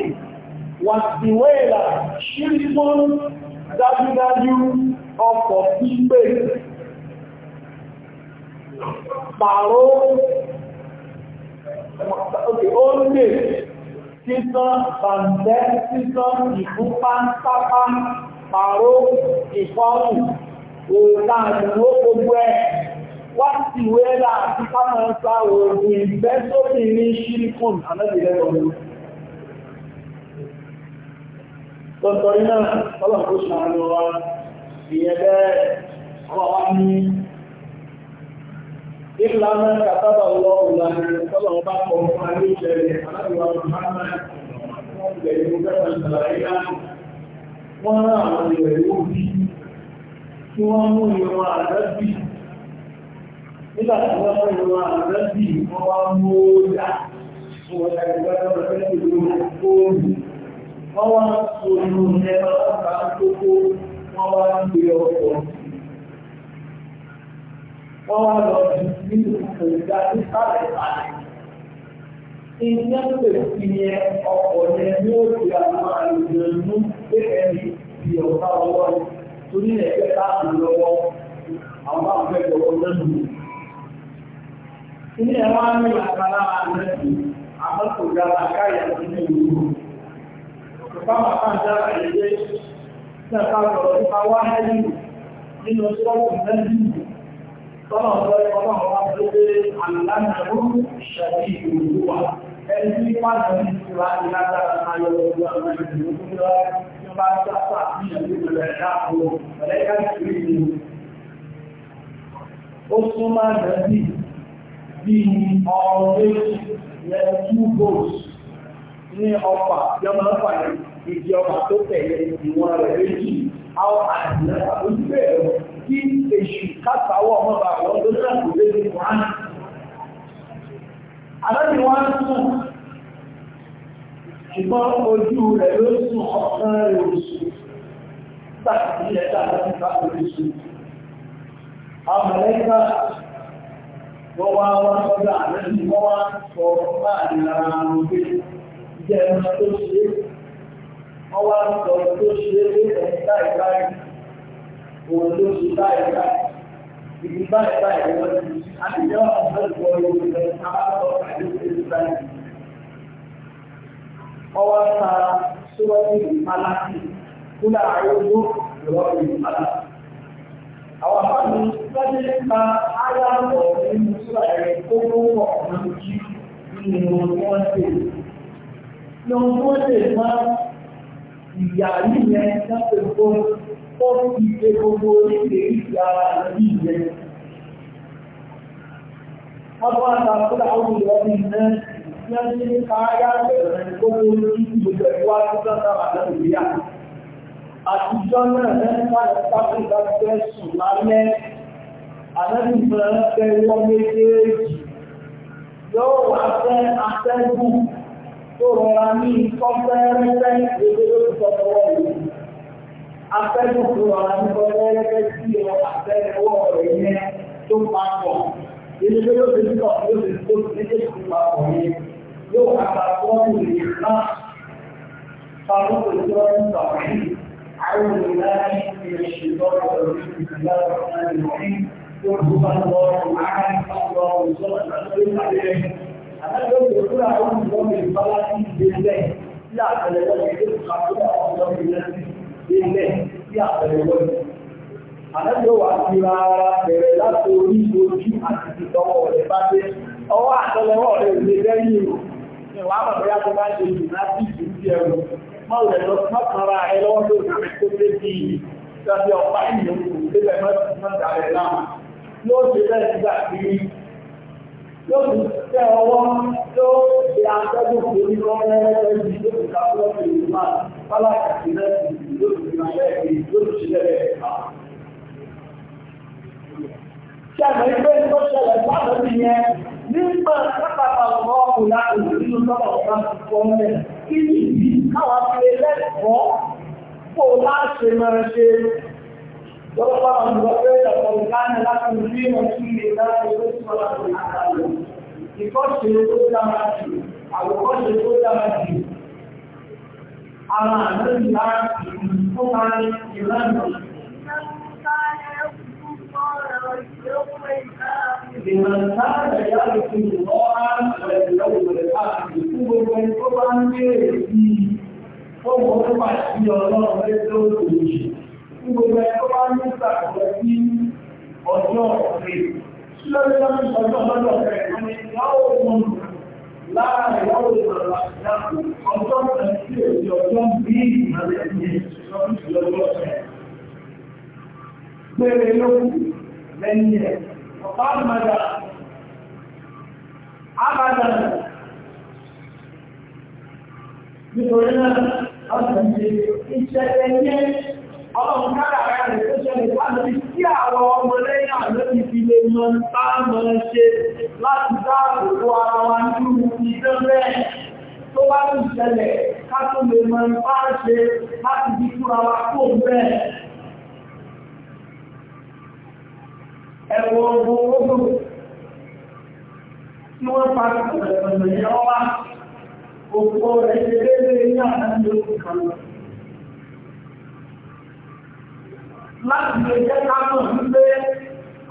wọ́n sì wéèlà ṣíríkù dájúdájú ọkọ̀ pípé. Pàró ó lè sísan bàǹdẹ́ sísan ìfúnpá sápá pàró ìfọ́nù òtààdì ó gbogbo ẹ̀ wá sí wẹ́lá àti kámọ́sá òògùn ìgbẹ́ sóbì ní ṣíríkùn àmẹ́bìrẹ́ ọ̀rọ̀ tọ́tọ́rí náà tọ́lọ̀ kó ṣàánú ọmọ wa ní ìlànà kàtàbà lọ ìlànà ìtọ́lọ̀ ọba kọ̀ fún ayé ìṣẹ̀lẹ̀ aláìwà Muhammad wọ́n ilẹ̀ ìlú gẹ́gẹ́ ìsàlàyé wọ́n rán àwọn ilẹ̀ ìlú bí kí wọ́n mú ìran àdábì nígbà tí wọ́n mú ìran àdábì wọ́n wá mú ó dá wọ́n ṣe ìgbàgbọ́ pẹ̀lú ìlú fóònù wọ́n wá sọ ìlú ẹ̀rọ àbá tó kó wọ́n wá ń gbé ọkọ̀ wọ́n wá lọ sí nínú ìgbà tó sálẹ̀ sálẹ̀. Iṣẹ́ pè sí yẹn ọkọ̀ yẹn ní òkè àwọn àlùjọ inú pé ẹni ti ọ̀gá ọwọ́ rẹ̀ torí ẹ̀fẹ́ káàkiri lọ́wọ́ àwọn bá fẹ́ lọ́wọ́ lẹ́nu. Ilé ẹ̀ wá ní àkàrà àmẹ́sì àmọ́tò gara káyà nínú ìlú. Ìpámà kan dára ẹ̀yẹ náà ká lọ nípa wá nínú sọ́ọ̀tù Tọ́nà ọ̀rẹ́ ọlọ́run wá tó pé àlànàrú ṣẹ̀rí ìlú wà. Ẹni tí wọ́n jọ ní ìṣúra ìlágbára ayọ̀ ìlú àwọn ìlú tó lọ tí wọ́n bá ń sáfà ní ẹ̀lú ìrẹ̀ dáàbò ẹ̀lẹ́gá ìṣúrí ìlú. Ó tún máa ń rẹ̀ bí ọ̀rẹ́ yẹn two goals ní ọ̀pá yọmọ ìdí ọmọ tó tẹ̀lé ìwọ̀n rẹ̀ méjì àwọn àdìlẹ́wà ló ń bẹ̀rẹ̀ kí èṣù kásàwọ̀ ọmọ bàbá wọn tó náà kò lé ní wọn. Àlọ́ni wọn sùn ṣùgbọ́n ojú rẹ̀ ló sùn ọ̀sán rẹ̀ oṣù láti ilẹ̀ láti bá oríṣi. Àwọn ẹ̀ka wọ́n wá wá sọ́dọ̀ àlẹ́ ni wọ́n wá sọ láàrin ara wọn pé jẹ́ ẹ̀rọ tó ṣe é wọ́n wá ń sọ tó ṣe é pé ẹ̀ báyìí báyìí òun ló ṣe báyìí báyìí ìdí báyìí báyìí wọ́n ti àtijọ́ àgbẹ̀gbọ́ ìlú rẹ̀ sábàtọ̀ àdéhùn báyìí. ọwọ́ ta síwájú ìpalátì kúlà àyọ̀gbọ́ ìrọ̀lẹ́ ìpalátì. àwọn àbámi lọ́jọ́ nípa aláàbọ̀ nínú síwá ẹ̀rẹ́ kókó pọ̀ lójú nínú wọn ṣe. lọ́wọ́ wọ́n lè máa ìyá yíyẹn láti fọ́ ó fi ṣe gbogbo orílẹ̀ ìyá yíyẹn. Ọgbọ́n àtàkùnlá àwọn ìrọ̀lẹ́ ìrìnlẹ́ ìrìnlẹ́ ní káyá bẹ̀rẹ̀ gbogbo orílẹ̀ gbogbo ẹ̀kọ́ àtúntà àti ìyá. Àtijọ́ náà lẹ́nà ìtàkùn ìdájọ́ ẹ̀sùn lálẹ́ àlẹ́bìnrin fẹ́ wọ́n yóò wá fẹ́ atẹ́gùn tó rọra ní kọ́fẹ́rẹ́fẹ́ ìgbèrè lórúkọ tọwọ́ yìí. Afẹ́kù tó rọra ní kọ́fẹ́rẹ́fẹ́ sí ọ àfẹ́wọ́ rẹ̀ yẹn tó papọ̀. Ilé tó yóò fi tọ̀ yóò fi tó fi tó fi papọ̀ yẹn. Yóò kàkà fún ìrìn náà. Fàrúkò tí wọ́n ń sọ yìí. أعوذ بالله من الشيطان الرجيم بسم الله الرحمن الرحيم قل هو الله أحد الله صلى الله عليه وسلم àtàlẹ́ ó lè kúrò àwọn ìjọba ìbálá sí ìgbésẹ̀ sí àtẹlẹwọ́ ìgbésẹ̀ kàkúrò àwọn ìjọba ìgbésẹ̀ sí àtẹlẹwọ́ àdájọ́ wà sí rárá bẹ̀rẹ̀ láti orí ojú àti ìtọ́wọ̀ rẹ̀ bá dé ọwọ́ àtẹlẹwọ́ rẹ̀ lè lẹ́yìn o ìwà àmọ̀bẹ́yà tó bá ṣe ìrìnàjò ìdí ẹ̀rọ mọ́lẹ̀ lọ mọ́kànlá ẹ lọ́wọ́ tó kàmẹ́ tó lé bí i tàbí ọ̀pá ìyẹn kò débẹ̀ mọ́tàlẹ̀ láàmú yóò ṣe bẹ́ẹ̀ nígbà tí yóò fi ọwọ́ tó ṣe àtẹ́gùn tó ní wọ́n rẹ́rẹ́ ju tó fi ká fúlọ́ọ̀tì ìlú máa bálá kàkí lẹ́sìn yóò fi máa lẹ́ẹ̀kì yóò fi ṣe lẹ́ẹ̀kì ká. ورفع المبكرة قد كان لكم في رسول الله أسوة حسنة يفصل كل مجد أو يفصل كل مجد أما نزل ثم يمنع لمن كان يعرف الله واليوم الآخر هو من قرآن به فهو يبعث إلى الله ويدعو إليه tí gbogbo ẹ̀kọ́ bá ní ìgbàgbọ́ sí ọjọ́ rẹ̀. Sílọ́lọ́lọ́mí ọjọ́ lọ́dọ̀ rẹ̀ wọ́n ni ìyáwó wọn lára ìyáwó ìrọ̀lá ọjọ́ rẹ̀ sí èdè ọjọ́ bí ìrọ̀lẹ́ ní ìṣọ́lọ́lọ́ rẹ̀. Gbére lókù lẹ́yìn ẹ̀. Ọ̀pá àmàdà, àmàdà nítorí náà, ọ̀sán ti ìṣẹ̀lẹ̀ yẹn ọlọ́run kára rẹ̀ rẹ̀ tó ṣẹlẹ̀ láti sí àwọn ọmọ lẹ́yìn àlọ́bí fi lè mọ bá mọ́ ṣe láti dáàbò tó ara wa nínú ìdán bẹ́ẹ̀ tó bá ń ṣẹlẹ̀ ká tó lè mọ bá ṣe láti bí fúra wa kó bẹ́ẹ̀ ẹ̀wọ̀n gbogbo tí wọ́n parí ọ̀rẹ̀ ọ̀rẹ̀ yẹn wá òpó rẹ̀ ṣe déédéé ní àdájọ́ kan láti lè jẹ́ káàmù wípé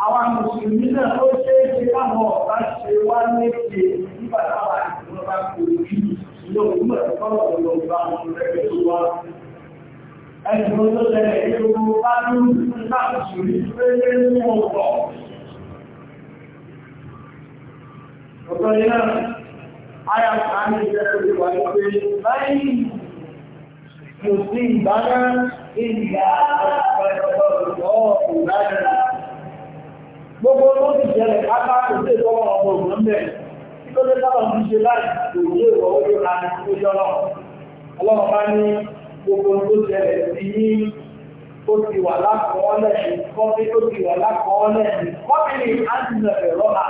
àwọn mùsùlùmí náà ó ṣe é ṣe láwọn ọ̀tá ṣe wá léṣe nígbà táwọn kò rí ilé òwúmọ̀ ìfọ́nà ọ̀dọ̀ ní يصيبنا إلا الله لنا gbogbo ló ti jẹ́lẹ̀ kápá kò sí ìtọ́wọ́ ọmọ òun mẹ́ tí tó lé sábà ń ṣe láì kò ní ìwọ̀ orí àti tó jọ́lọ́ ọlọ́run bá ní gbogbo tó jẹ́lẹ̀ sí ní ó ti wà lákọọ́lẹ̀ kọ́bí ó ti wà lákọọ́lẹ̀ kọ́bí ní àdìsẹ̀fẹ̀ rọ́bà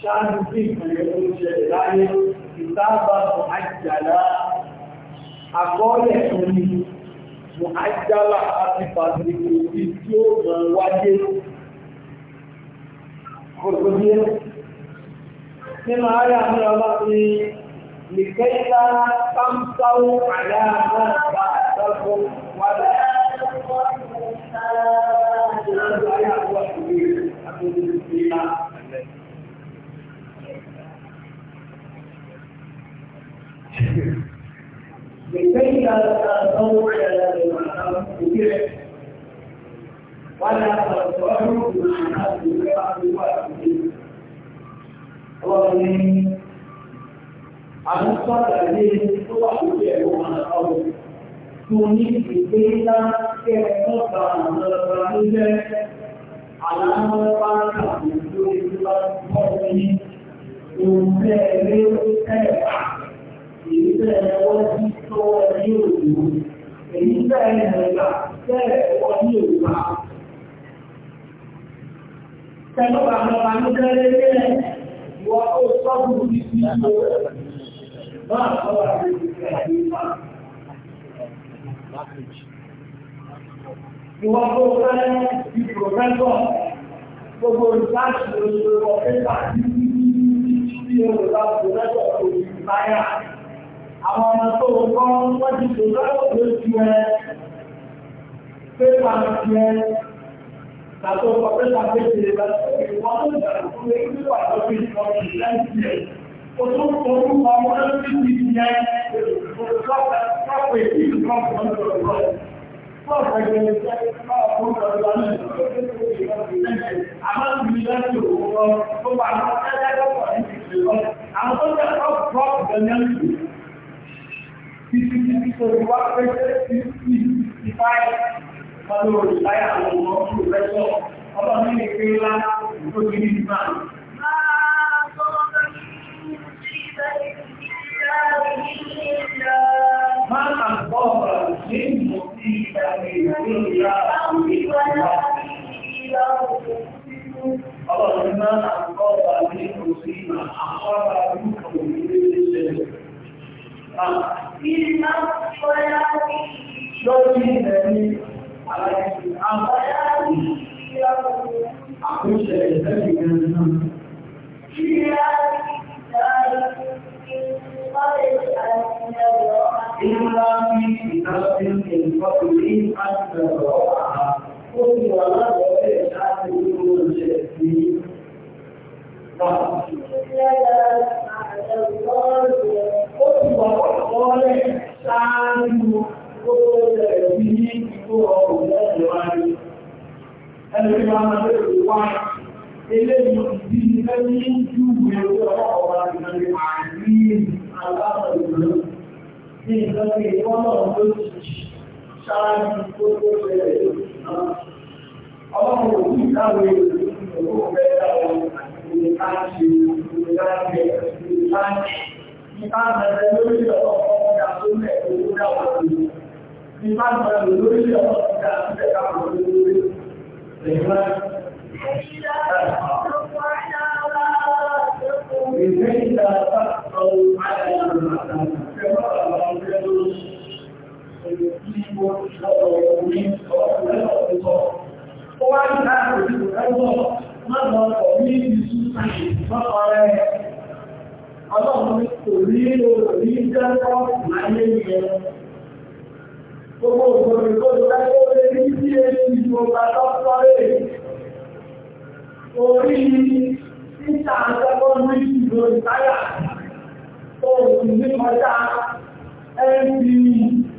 ṣáájú sí ìpìlẹ̀ tó jẹ́lẹ̀ láyé ìtàbà àjàlá àkọọ́lẹ̀ fún ni mo ájálà àti pàtàkì òbí tí ó mọ̀ wáyé gbogbogbé nínú ààrẹ àmì ọlá ni nìkẹ́ta sáńsáwó àyáàmọ́ Thank you. لكي لا تأتوا على المعارف كثيرة ولا ترجعوا بمعنى الكفر والكفر ومن أنصت عليه صلح الجيل عن الأرض توني بكيلا كيفك عن الرجل على مرقاك من دون الله ومن يمكن أن èyí bẹ́ẹ̀ wọ́n gbogbo ìsáàṣì àwọn ọmọ tó kọ́ wọ́n ti ṣe lọ́wọ́ tó ti ẹ pépà ti ẹ tàbí ọkọ̀ pépà péjì rẹ̀ lọ́wọ́ wọ́n tó dà fún ẹ kí wà lọ́wọ́ ìṣọ́ ìṣẹ́ǹtì ẹ̀ o tó kọ́ orúkọ ọmọ lọ́wọ́ ti ti ẹ lọ́pọ̀ èdè ìkọ́kọ̀ lọ́wọ́ Fọ́ọ̀fà ìgbẹ̀rẹ̀ jẹ́ máa fún ọ̀rọ̀ lọ́nà ìgbẹ̀rẹ̀ àmọ́ ìgbìyànjú òun lọ tó bá àwọn ẹgbẹ́ lọ́pọ̀ ní ìṣẹ̀lọ́. Àwọn tó jẹ́ ọ̀pọ̀ ọ̀pọ̀ ìgbẹ̀rẹ̀ títí títí tó ti wá pé sí sí ìfáì ọdún olùsáyà àwọn ọmọ rẹ̀sọ̀ ọba ní ìpé ńlá tó ti ní ìgbà. Máa ń bọ̀ ọ̀rọ̀ ní ìmọ̀ sí ìdàgbé ìrìnlá Ọlọ́run náà àkọ́bà ní òṣìlá, àkọ́bà ní òṣìlá lórí ẹ̀mí àbáyáwí àkóṣe ìfẹ́bí ẹ̀rọ náà. Kí a ti dárí ìpàdé àti ẹ̀rọ àti ìlà ní ìdájí ìpàdé ní àti ẹ̀rọ àà ó ti wà lábẹ́ láti ìlú ìṣẹ̀lẹ̀ Ó ti wà ọ̀pọ̀lẹ̀ ṣáájú ó lẹ̀ bí ní ìgbó ọrùn lẹ́yìn wáyé. Ẹni tí máa máa lè rí wá ilé ìdí ní ẹni jú ìwé ọ̀pọ̀ àgbẹ̀rẹ̀ àrí aláàrẹ̀ ìlú. Ní ìgbẹ́ ọlọ́run ò ní ìdáwọ̀ èrò ìlú mẹ́ta ọ̀rọ̀ ìlú káàkiri ìlú láàrẹ̀ ìlú láàrẹ̀ ìbá mẹ́rẹ̀ lórí ọ̀pọ̀ ọ̀dà tó mẹ́ owó àwọn ọmọdé ó wá ní láti òṣìṣẹ́ ẹgbọ́ mọ́nà ọkọ̀ ní ìṣú àti mọ́kànlẹ̀ ọlọ́run kò rí orí jẹ́kọ́ láyé yẹn gbogbo òṣèrè tó dájọ́ lé ní sí èyí ìlú ọba lọ́pọ̀lẹ̀ orí títà sẹ́kọ́ndì ìlú ìtáyà tó ní kọjá mpe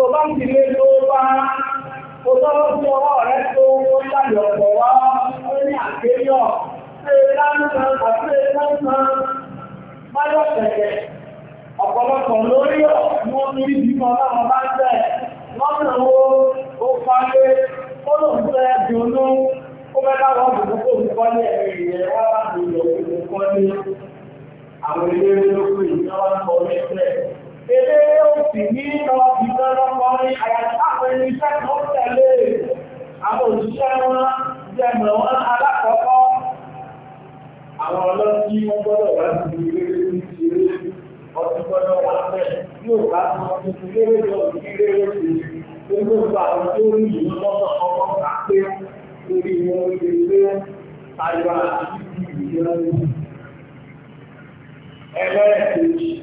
tó bá ń dìlé tó bá ó tọ́wọ́ sí ọwọ́ rẹ̀ tó ó láyọ̀ ọ̀pọ̀ wá ó ní àgbéyọ̀ ṣe lánàá àti lánàá báyọ̀ tẹ̀tẹ̀ ọ̀pọ̀lọpọ̀ lórí ọ̀ ni wọ́n torí bímọ láwọn bá ń tẹ̀ lọ́nà wo ó parí ó lò ń tẹ́ dùnú ó fẹ́ láwọn ọ̀dùnkú kò ní kọ́lé ẹ̀rì rẹ̀ wá láti ìlọ̀ òkú kọ́lé àwọn ilé olókùn ìjọba ń bọ̀ ní ẹgbẹ́ Èdè yóò sì ní ọ̀pì lọ́rọ̀pọ̀ ní àyàtàwọn ẹni iṣẹ́ tó tẹ̀lé àwọn òṣìṣẹ́ wọn jẹmọ̀ wọn alákọ̀ọ́kọ́. Àwọn ọlọ́tí wọ́n gbọ́dọ̀ wá sí ìrere ní ìṣeré ọtí gbọ́dọ̀ wà pẹ̀ yóò bá sọ tuntun lérè lọ ìrere sí gbogbo àwọn tó rí ìlú lọ́sọ̀ ọkọ̀ kà pé lórí wọn lè lé tayọ àti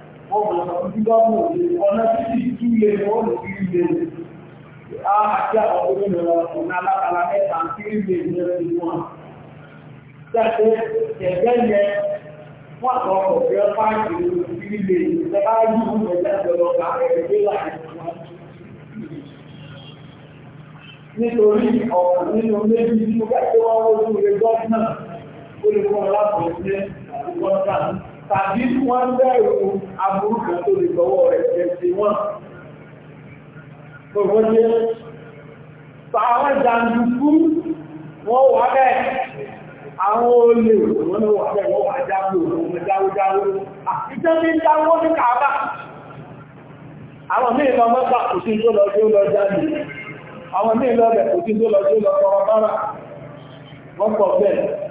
wọ́n wọ́n lè fi lè àti àwọn yìí ń bẹ̀ jáde lọ bá ẹ̀gbẹ́ láì Nítorí ọ̀pọ̀ nínú méjì tí mo fẹ́ wọ́n ó lè fún ọ láti tàbí wọ́n bẹ̀rù aburú kan tó lè lọ́wọ́ rẹ̀ jẹ́ sí wọn. Gbogbo jẹ́ àwọn jàǹdùkú wọ́n wà bẹ́ẹ̀, àwọn olè wọ́n wà bẹ́ẹ̀ wọ́n wà jáwó ọmọ jáwójáwó. Ìjọ́ ní jáwó ní kàábà. Àwọn míì lọ mọ́ta kò sí tó lọ tó lọ jáde. Àwọn míì lọ bẹ̀ kò sí tó lọ tó lọ tọrọ bára. Wọ́n pọ̀ bẹ́ẹ̀.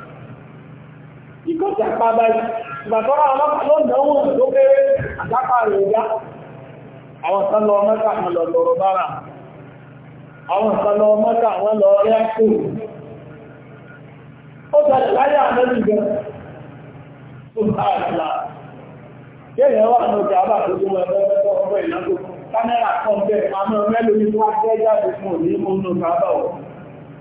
ló ti àpá báyìí ìgbà tó rà ọlọ́pàá ló ń dánwò tó kéré àtàkà rẹ̀ yá àwọn kan lọ mẹ́ta kan lọ lọ́rọ̀ bára àwọn kan lọ mẹ́ta wọn lọ rí àpò ó ṣẹlẹ̀ láyé àmẹ́lì gan tó bá àìlà kéèyàn wà ní ọjà àbà tó gbogbo ẹgbẹ́ mẹ́tọ́ ọgbẹ́ ìlànà kámẹ́rà kan bẹ́ẹ̀ àmọ́ mẹ́lòmí tó wá jẹ́ jáde fún òní mú nù kábà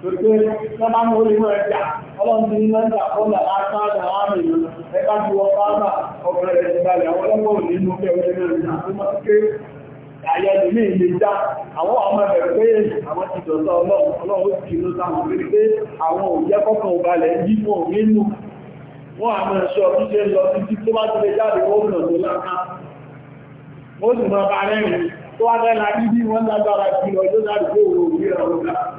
Gbogbo sábà ń wọlé wọ́n ẹja, ọlọ́run ti ní mẹ́ta kọ́lá látàdà láàrin ìlú, ẹ̀ka ju ọkọ̀ àbà ọkùnrin rẹ̀ àwọn ọlọ́pọ̀ òní inú bẹ́ẹ̀ wọlé mẹ́rin náà Àwọn ọmọ pé àwọn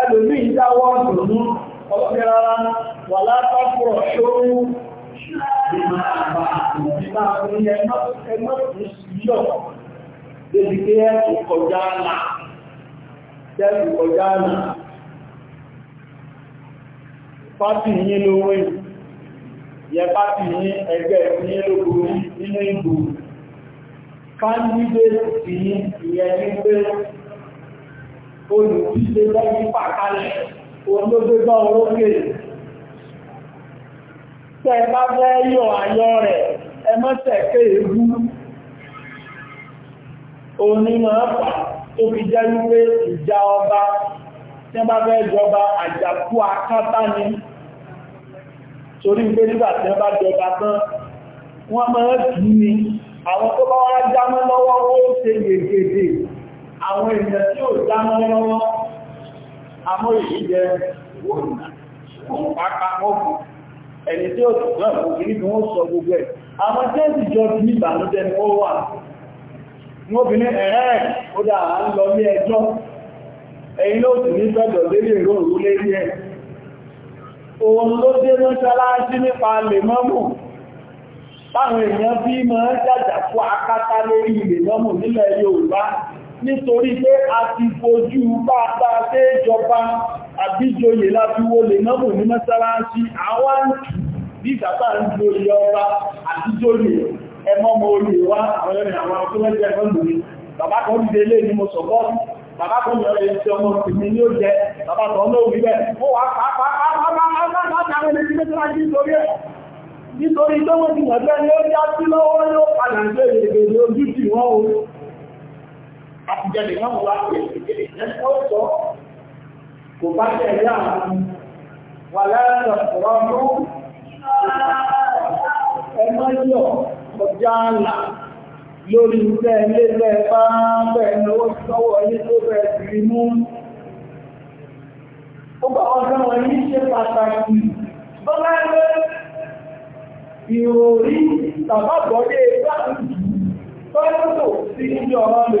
ẹlòmí ìdáwọ́ ọ̀dùnmú ọ̀pẹ́ rárá wà látàkùrọ̀ ṣóòrùn ìgbà àbá ìgbà ẹgbẹ́ ìṣíyọ̀ débi pé ẹ̀kù kọjá àlà ẹ̀kù kọjá àlà pátì yín lówó yẹ pátì yín ẹgbẹ́ ní pé olùdíje lẹ́yìn pàkálẹ̀ olóògbégbá orókè tẹ́ bá fẹ́ yọ àyọ́ rẹ̀ ẹmọ́tẹ̀kẹ́ èébú onímọ̀ ọ̀pá tó fi jẹ́ wípé ìjà ọba tí wọ́n bá fẹ́ jọba àjàkú akátá ni torí pé nígbà tí bá jọba tán wọ́n máa ń kìí ni àwọn tó bá wá jámọ́ lọ́wọ́ ó ṣe gègèdè àwọn èèyàn tí ó dámọ́ lọ́wọ́ àmọ́ èyí jẹ́ wòrùnà fún pápá mọ́kù ẹni tí ó tọ́lá òkìrí bí wọ́n sọ gbogbo ẹ̀ àwọn tí ó sì jọ bí ìbànújẹ́ ni ó wà mọ́bìnrin ẹ̀rẹ́ ó dà á ń lọ ní ẹjọ́ ẹ̀yìn ló sì ní fẹ́jọ̀ lórí táwọn èèyàn bí mọ́ jàjà fún akátá lórí lèmọ́mù nílẹ̀ Yorùbá nítorí pé a ti fojú pápá tẹ́ ìjọba àbíjòyè láti wo lè mọ́mù ní mọ́sálásí àwọn ìgbàtà ń lo ilẹ̀ ọba àbíjòyè ẹmọ́mọ́ olè wá àwọn ẹ̀rìn àwọn akọ́lẹ́jẹ́ ẹ̀kọ́lùmí bàbá kan ń délé ní mo sọ̀kọ́ bàbá kan ní ọ̀rẹ́ ìṣẹ́ ọmọ tèmi ní ó jẹ bàbá kan náà wí bẹ́ẹ̀ ó wà pàápàá nítorí tó wọ́n ti mọ̀gbẹ́ ni ó já sí lọ́wọ́ ló padà ń gbé èrè ojú tì wọ́n o àtijọ́lẹ̀ náà wà pẹ̀lú ẹ̀kọ́ sọ kò bá tẹ̀lé àwọn wà láàrín ọ̀rọ̀ ọdún ẹmọ́ yọ ọjà àlà lórí iṣẹ́ ilé bẹ́ bá bẹ́ẹ̀ ni ó sọ́wọ́ ní tó bẹ́ẹ̀ sì rí mú. Ó bá ọjọ́ wọn ní ṣe pàtàkì bọ́lá ẹgbẹ́ ìròrí tàbábọ́lé ìgbàlódé tọ́lọ́tò sí ìjọ ọ̀rọ̀ lè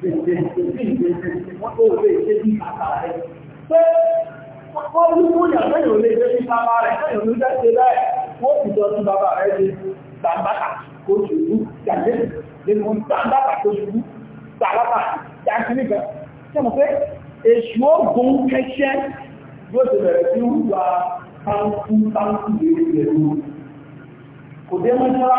gbèsè sí ìgbèsè wọ́n tó lè ṣe bí bàbá rẹ̀. Pé wọ́n ní kó yà lẹ́yìn olè ṣe bí bàbá rẹ̀ lẹ́yìn olè ṣe bẹ́ẹ̀ wọ́n ti jọ sí bàbá rẹ̀ ṣe gbàǹbàtà kó ṣubú jàdé nínú gbàǹbàtà kó ṣubú gbàǹbàtà jáde nìkan. Ṣé mo pé èṣù ogun kẹ́kẹ́ yóò ti bẹ̀rẹ̀ sí wà táǹkù táǹkù lórí ìlú. Kò dé mọ́ ṣọ́ra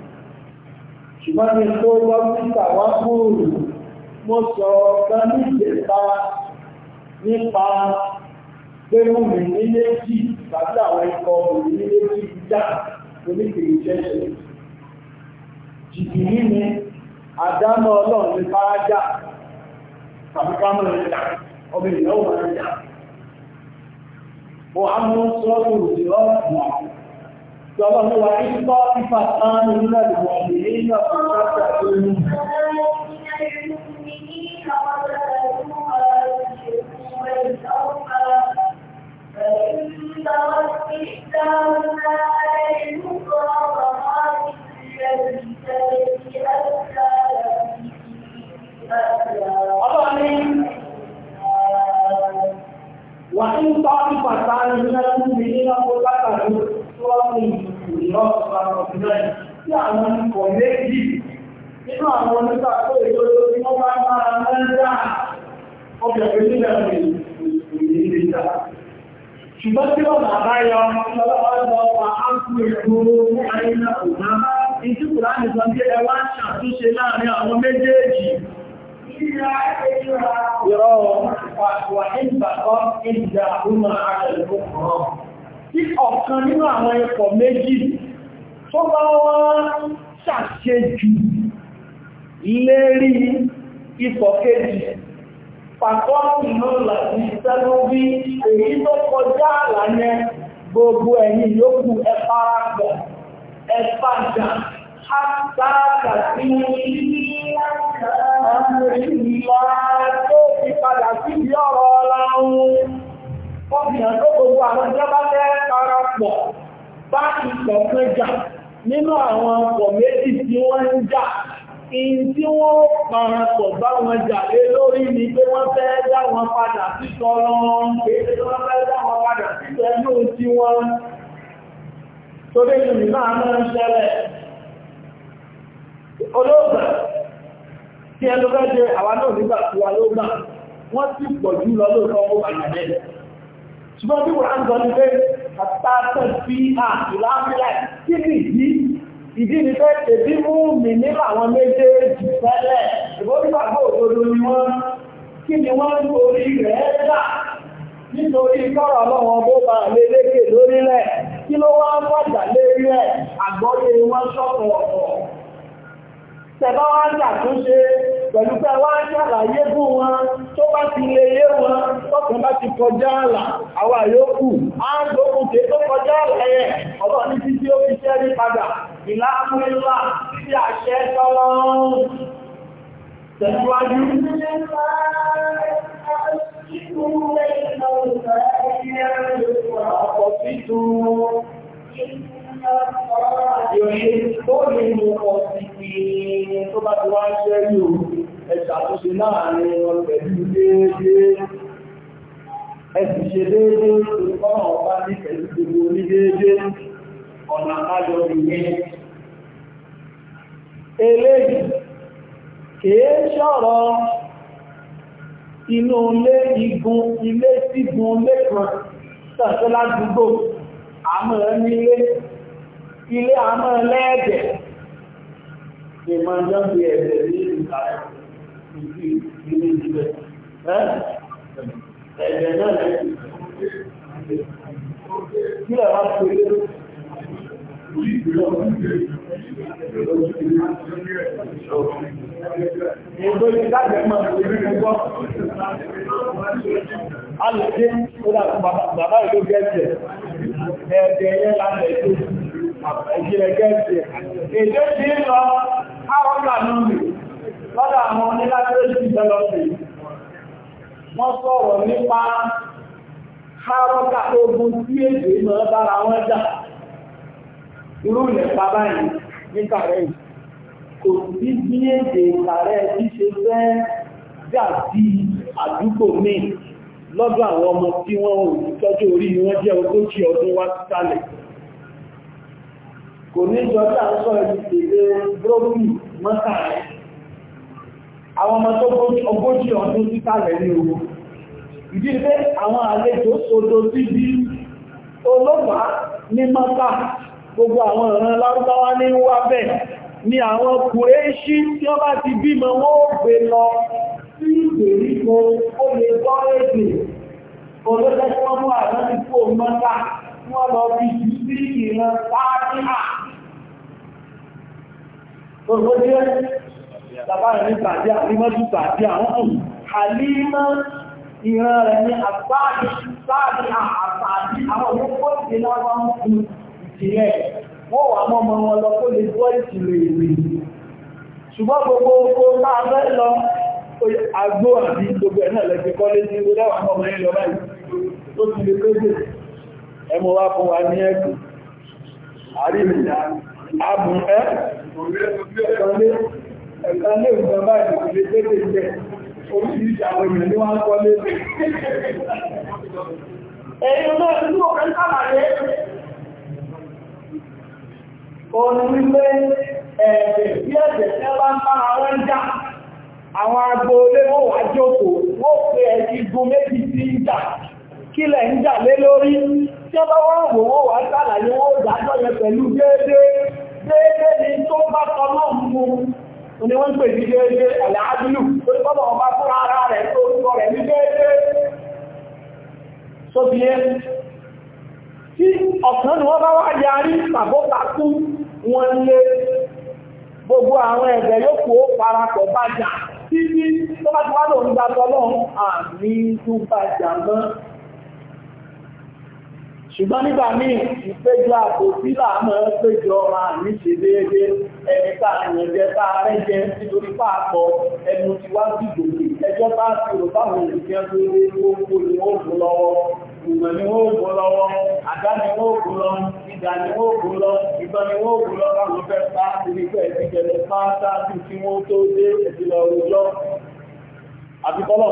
ṣùgbọ́n ní tó bá pítà wá kúrò mo sọ ọ̀gán ní ìjẹta nípa ní méjì tàbí àwọn ikọ̀ òmìn ní méjì já oníkèrè jẹ́ṣẹ̀ jìbìrí ni àdámọ́ ọlọ́run ní fárájá Ìjọba ní wà ní bá fífà tánù nínú àdìbò ìdílé ní ọ̀pọ̀ ìpàtà tó ní. Ọlọ́run وإن طائفتان من المؤمنين قتتلوا فقاتلوا tí àwọn ikọ̀ méjì nínú àwọn onítàkó ìjọ́jọ́ tí wọ́n bá tí ọ̀kan nínú àwọn ẹ̀kọ́ méjì tó bá wọ́n ṣàṣejù lérí ipò kejì pàtọ́ ìlú làbí sẹ́lú bí èyí tó kọjá àlàyé gbogbo ẹ̀yìn yóò ẹ̀parapọ̀ ẹ̀fàjà látàkà sí ìlú tó fi padà sí ìyọ́rọ̀ ọlọ́run ó fi hàn tó gbogbo àwọn ìjọba fẹ́ parapọ̀ bá ìkọ̀ọ̀kan jà nínú àwọn ọkọ̀ méjì tí wọ́n ń jà in tí wọ́n parapọ̀ bá wọn jà lé lórí ni pé wọ́n fẹ́ dá wọn padà sí tọrọ kéde wọ́n fẹ́ dá wọn padà sí tẹ́lú tí wọ́n tó jẹ àwọn náà nígbà tí lóògbà wọ́n ti pọ̀ jù lọ lóògbà ọmọ àgbàdẹ́gbẹ̀ ṣùgbọ́n bí wọ́n ń gọ́nù pé àtàtàn sí àìláfílẹ̀ kí ni ìdí ìdí ni pé èdí mú mi nílà àwọn méjèèjì fẹ́lẹ̀ ìbónígbàgbọ́ òdodo ni wọ́n kí ni wọ́n ń orí rẹ̀ dà nítorí kọ́rọ̀ ọlọ́wọ́n bó bá lè lékè lórílẹ̀ kí ló wá ń wájà lérí ẹ̀ àgbọ́yé wọn ṣọ́tọ̀ ọ̀tọ̀ tẹ̀bá wá ń ṣàtúnṣe pẹ̀lú pé wá ṣàlàyé fún wọn tó bá ti lè yé wọn tọ́kùn bá ti kọjá àlà àwọn àyókù ágbókùn tẹ́ tó kọjá àlà yẹ ọ̀rọ̀ ní títí ó fi ṣẹ́ ní padà ìlàmúlá títí àṣẹ tọ́lọ́run tẹ̀síwájú Ìgbìmọ̀ يحبون المقسطين ثم دوان شريو ẹ̀ṣàtúnṣe láàrin wọn pẹ̀lú déédéé ẹ̀sì ṣe déédéé ọ̀rọ̀ ọ̀pá ní pẹ̀lú gbogbo ní déédéé ọ̀nà àjọ ìyẹn eléyìí kìí inú ilé igun ilé sígun lẹ́kọ̀ọ́ tàṣẹ́lá dúgbò àmọ́ ẹni ilé ilé àmọ́ lẹ́ẹ̀dẹ̀ ìmọ̀ jọ́bi ẹ̀dẹ̀ ní ìgbà ìdí ilé ìgbẹ̀ ẹ̀dẹ̀ náà lẹ́ kí lè wá pè é Èdò ìdájẹ́ máa ń lè rí gbọ́. A lè dé, ó dà bàbá ìlú gẹ́ẹ̀tẹ̀, ẹ̀ẹ̀dẹ̀ yẹn láti ẹ̀tọ́ ìjìnlẹ̀ gẹ́ẹ̀sì èdè tí ń lọ áwọ́gbà lórí lọ́dà àwọn onílágbèrèsì ìjọlọ́sì wọ́n sọ̀rọ̀ nípa áwọ́gbà ogun tí èdè mọ́ bára wọn jà irú ilẹ̀ bàbá yìí ní kàrẹ́ yìí kò sí bí èdè kàrẹ́ tí ṣe fẹ́ jà sí àdúgbò míì lọ́dọ̀ àwọn ọmọ tí wọ́n ò tọ́jú orí ni wọ́n jẹ́ ogójì ọdún wá sálẹ̀ kò ní jọta sọ ìdílé bróbì mọ́ta rẹ̀ àwọn ọmọ tó ogójì ọdún títà rẹ̀ ní owó ìdílé àwọn àlejò sódó sí bí olóòpàá ní mọ́ta gbogbo àwọn ìran lárúbáwá ní wá bẹ̀ ni àwọn kùrẹ́ṣí tí wọ́n bá ti bímọ wọ́n gbé lọ sí ìgbèríko ó lè gbọ́ wọ́n lọ bí jù sí ìran pàtíhà òwò jẹ́ tàbáyẹ̀ ní tàbí àrímọ́jú tàbí àwọn ọ̀hún àlímọ́ ìran rẹ̀ ní àgbáàdì sáàdì àtàdì àwọn olóko ìdíláwà ń fún ìtìlẹ̀ wọ́n wà mọ́ ọmọ wọn lọ kó àgbó àti gbogbo ẹ̀ lẹ́gbẹ̀kọ́ lé ní orí àwọn ọmọ ilẹ̀ ọ̀rẹ́ ẹmọ wá fún wa ní ẹ̀kùn àríwìyà àbùn ẹ́ ẹ̀kànlé ìjọba ìpìlẹ̀ tẹ́lẹ̀ jẹ́ oríṣìíṣà àwọn ènìyàn ní wọ́n kọ́ lé Ẹ̀yìn náà tí ó kẹ́ sàlàyé, òun wípé ẹ̀ẹ̀dẹ̀ bí ẹ̀ẹ̀dẹ̀ tí ó bá ń bára wọ́n já, àwọn agbo olé wọ́n wà jókòó, wọ́n pé ẹ̀ẹ̀dì gún méjì sí ìjà kí lẹ̀ ń jà lé lórí tí ó bá wọ́n wò ó wà sàlàyé wọ́n dájọ́ yẹn pẹ̀lú déédéé déédéé ni tó bá kọ náà mú ni wọ́n ń pè ní déédéé àlàájúlù tó ti bọ́bọ̀ ọba fún ara rẹ̀ tó ń kọ rẹ̀ ní déédéé tó ti yẹ tí ọ̀kan ni wọ́n bá wá yarí tàbótakú wọn lé gbogbo àwọn ẹ̀bẹ̀ yóò parapọ̀ bájà títí tó bá ti wá lòun gbàtọ́ náà àmì tó bájà náà ṣùgbọ́n nígbà míì ìpéjọ àpò tí láàmọ́ péjọ ọmọ àmì ṣe déédé ẹni táàrin jẹ táàrẹ jẹ nítorí pàápọ̀ ẹnu ti wá sí gbòmí ẹjọ́ bá ti rò báwọn òṣìṣẹ́ tó lé gbogbo ni ó gùn lọ́wọ́ ìmọ̀ ni ó gùn lọ́wọ́ àdá ni ó gùn lọ ìdà ni ó gùn lọ ìbọn ni ó gùn lọ káwọn fẹ́ pa torí pé ẹ̀sìn jẹlẹ pátá tí wọ́n tó dé ẹ̀sìn lọ rojọ́ àbíkọ́lọ́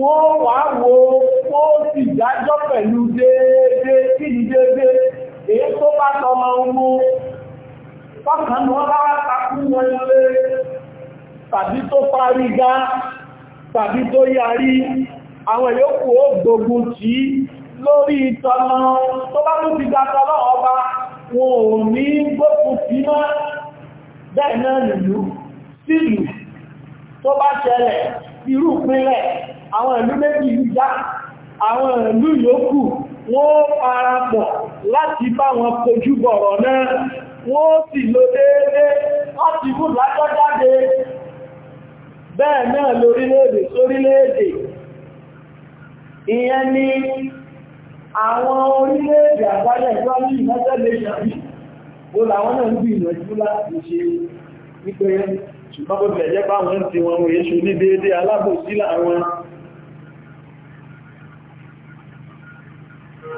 wọ́n wà wo ó sì dájọ́ pẹ̀lú déédé kí ní déédé èyí tó bá tọmọ ọmọ fọ́kànlú ọlá takú wọn lé tàbí tó parí gá tàbí tó yarí àwọn ìyókù ó gbógun tí lórí ìtọ́nà tó bá tó ti dájọ́ lọ́ọ̀ọ́bá wọn ò ní gbógun tí náà bẹ́ẹ̀ náà nìlú sílù tó bá ṣẹlẹ̀ irú pínlẹ̀ àwọn ìlú méjì já àwọn ìlú yòókù wọ́n parapọ̀ láti bá wọn kojú bọ̀rọ̀ náà wọ́n sì lọ déédé láti mú lájọ́ jáde bẹ́ẹ̀ náà lórílẹ̀-èdè sórílẹ̀-èdè ìyẹn ni àwọn orílẹ̀-èdè àgbáyé ìjọ ní United Nations ó làwọn náà ń bí ìrìnàjú láti ṣe nípe ṣùgbọ́n bẹ̀rẹ̀ jẹ́ báwọn ti wọn èṣù ní déédé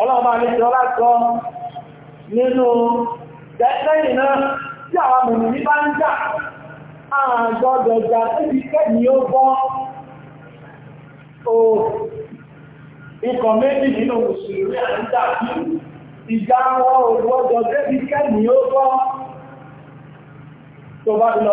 ọlọ́ọ̀bá ní ṣe ọlákọ́ nínú lẹ́yìn náà tí àwọn mìíràn ní bá ń jà àgbọ́dọ̀ jà síbi kẹ́ni ó bọ́ o ikọ̀ méjì nínú mùsùlùmí à ń jà ìjà wọn ò gbọ́dọ̀ débi kẹ́ni ó bọ́ tó bá lọ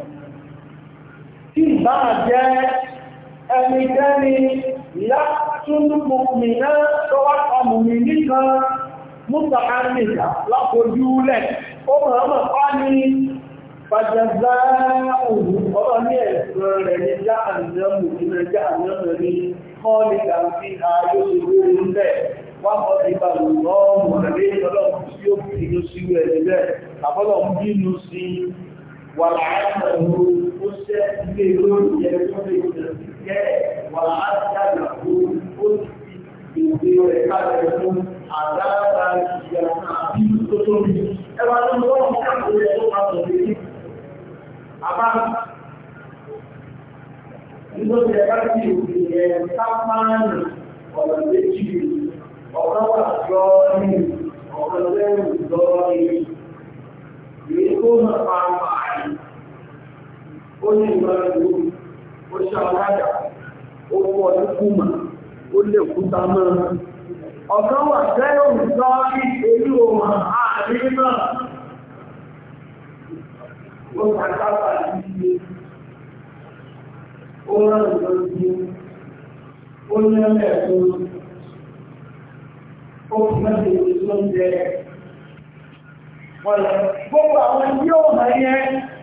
tí bá jẹ́ ẹnikẹ́ni látúnmùmìnà tó wá ọmùmì nìkan múta àmìnà lápojú lẹ̀ ó mọ̀ọ́mọ̀ pá ní pàjẹ̀zá òhù ọ̀rọ̀ ní ẹ̀sùn rẹ̀ ní jáàmù nínú jáàmù ní kọ́ọ̀lì kàfí ààyòsòwò rẹ̀ wá mọ́ ìgbà lọ́ọ̀mù rẹ̀ lé ولعله أسد لهم يكون الاستثناء ولعله أسد لهم يكون عذابا يعطيه كتبه ẹwà tó ń wọ́n ká lórí ẹ̀tọ́ máa tọ̀ sí ní àbá nítorí ẹ̀ka sí òkè ẹ̀ sáfáàní ọ̀rọ̀ méjì ọ̀rọ̀ ọ̀rọ̀ lẹ́rù ó ní ìmọ̀ràn ìlú ó ṣe àwádà ó fọ́ ní kúmà ó lè kúta mọ́ ọ̀kan wà tẹ́lẹ̀ òǹtọ́ ní èyí òun àárín náà ó sàkábà sí iye ó rán ìlọ́sí ó ní ẹlẹ́ẹ̀kún ó fi mẹ́rin ìlú lóúnjẹ Gbogbo àwọn tí ó hàn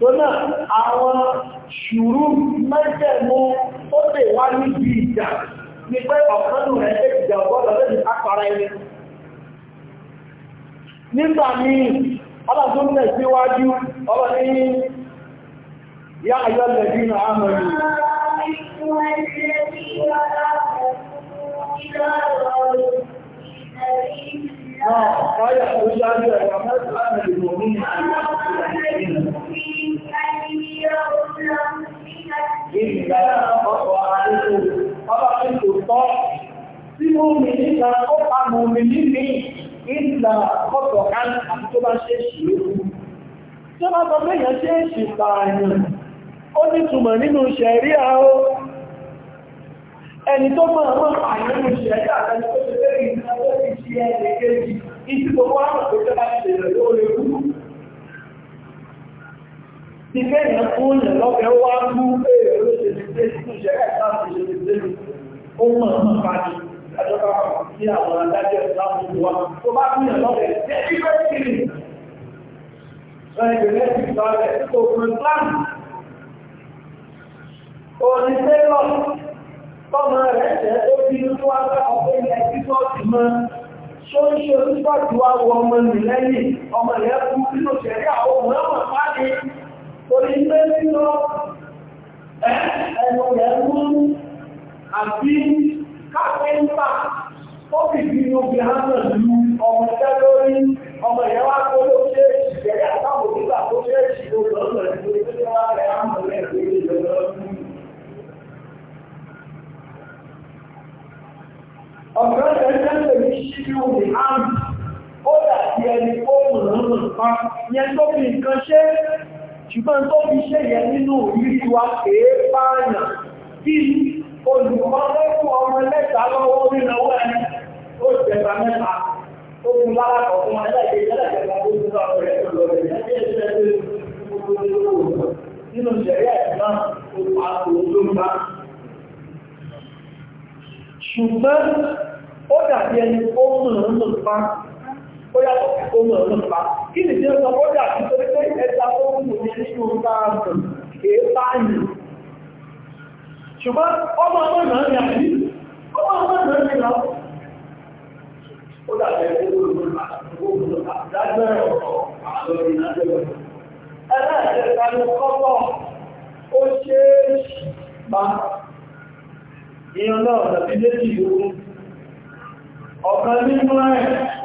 tó náà àwọn ṣùrú mẹ́jẹ̀mú ó lè wá níbi ìjà ní pé ọ̀kanù rẹ̀ lè jà ọgbọ́dọ̀ lẹ́yìn apara ẹni nígbà míì ọlọ́dún náà síwájú ọlọ́ ní yá ayọ́ lẹ́bí náà àmọ́ Náà, báyà tó ṣáájú ẹ̀rọ mẹ́ta àmì ìrònú àti ìrìnà. Ìgbà ọ̀pọ̀ àríkò, ọba fi tò tọ́, tí ó mi nígbà ó pa mọ̀ mi níbi ìgbà ọ̀pọ̀ kan àti tó bá ṣe ṣì lókù. Tí ó bá sọ pé èèyàn ṣe ṣì pààyàn, ó ní túmọ̀ nínú ṣẹ̀rí àó. Ẹni tó mọ̀ àwọn pààyàn nínú ṣẹ̀rí àtàlẹ́ tó ṣe lé ìgbà ó ti ṣe ẹni kéjì, ìtìkò wọ́n á mọ̀ tó tẹ́ bá ṣe rẹ̀ lóore ti fẹ́yìn fún ìyàn wá mú pé ọmọ ìpàdé àjọba tó bá mú ìyàn lọ́fẹ́ jẹ́ ìgbẹ́ kiri ti mọ́ ṣó ń ṣe onígbàtí wá wọ ọmọ nìlẹ́yìn ọmọ ìyẹn kú sínú ṣẹ̀rí àwọn ọmọ náà torí pé nínú ẹnu rẹ̀ mú àbí kápẹ́ńtà ó fi fi omi hánà lu ọmọ ìṣẹ́ lórí ọmọ ìyẹn wá kó ló ṣe ìṣẹ̀lẹ̀ àtàwọn òbígbà tó ṣe ìṣòro lọ́sọ̀ ìṣòro tó ṣe wá rẹ̀ hánà rẹ̀ lórí ìṣòro ọ̀gbọ́n ẹgbẹ́ lèmi ṣíjú ní àmì ó dàbí ẹni ó mọ̀ ọ́nà pa yẹn tó fi nǹkan ṣe ṣùgbọ́n tó fi ṣe yẹ nínú orílẹ̀ wa kèé pààyàn bí olùkọ́ lẹ́kùn ọmọ mẹ́ta lọ́wọ́ nínú ẹni ó jẹba mẹ́ta ó fún lára kọ̀ọ̀kan ẹlẹ́gbẹ̀ẹ́ ẹlẹ́gbẹ̀ẹ́ tó ń bá ọ̀rẹ́ tó lọ rẹ̀ ẹgbẹ́ nínú ìṣẹ̀rí ẹ̀sán olùpàtò olóńgbà ṣùgbọ́n ó dàbí ẹni ó mọ̀ ń lò pa ó yàtọ̀ ó mọ̀ ọlọ́pàá kí ni tí ó sọ kọ́jà tí ó rí pé ẹta tó ń mú ní nínú báàbù kìí báyìí ṣùgbọ́n ọmọ ọmọ náà ní àbí ọmọ ọmọ náà ní lọ ó dàbẹ̀ ẹgbẹ̀rún ọ̀rọ̀ àwọn ìrìnàjò ẹlẹ́ẹ̀kẹta ni kọ́kọ́ ó ṣe é pa ìyọ̀nà ọ̀nà tí méjì yóò ọ̀kan ẹ̀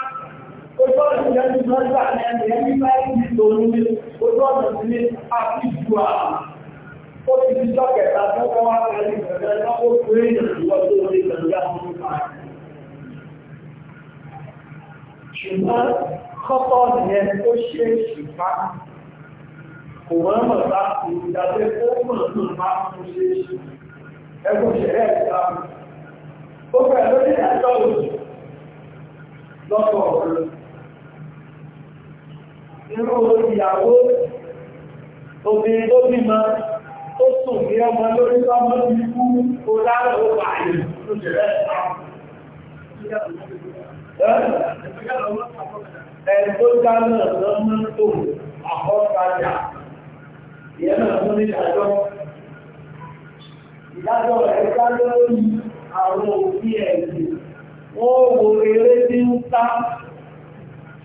ojú ọ̀nà ìjọ ti lọ gbà lẹ́nu ẹni báyìí ti lò ní ojú ọ̀nà sí ní àfíjú à ó ti fi jọ kẹta tó kọ́ fazer, pẹ̀lú ìgbẹ̀rẹ̀ lọ́wọ́ pé ìrìnàjò tó lórí ìgbẹ̀rẹ̀ àwọn ọmọ ṣùgbọ́n kọ́kọ́ de ó ṣe é ṣùpá kò wọ́n mọ̀ bá ìdàgbé ó mọ̀ tó máa ń ṣe é ṣù ẹgbẹ́ ìṣẹ̀lẹ̀ ìta ó pẹ̀lú ìdájọ́ òjò lọ́pọ̀ irú ìyàwó obìnrin tó bímọ tó sùn ní ọmọ lórí ọmọ ikú kó dára ó wà ní Ẹ̀tọ́ dáná lọ́mọ́ tó àkọ́kàjà ìyẹn náà fún ìdájọ́. Ìdájọ́ rẹ̀ dá lórí àwọn òfin ẹ̀sìn, wọ́n wo eré tí ń sá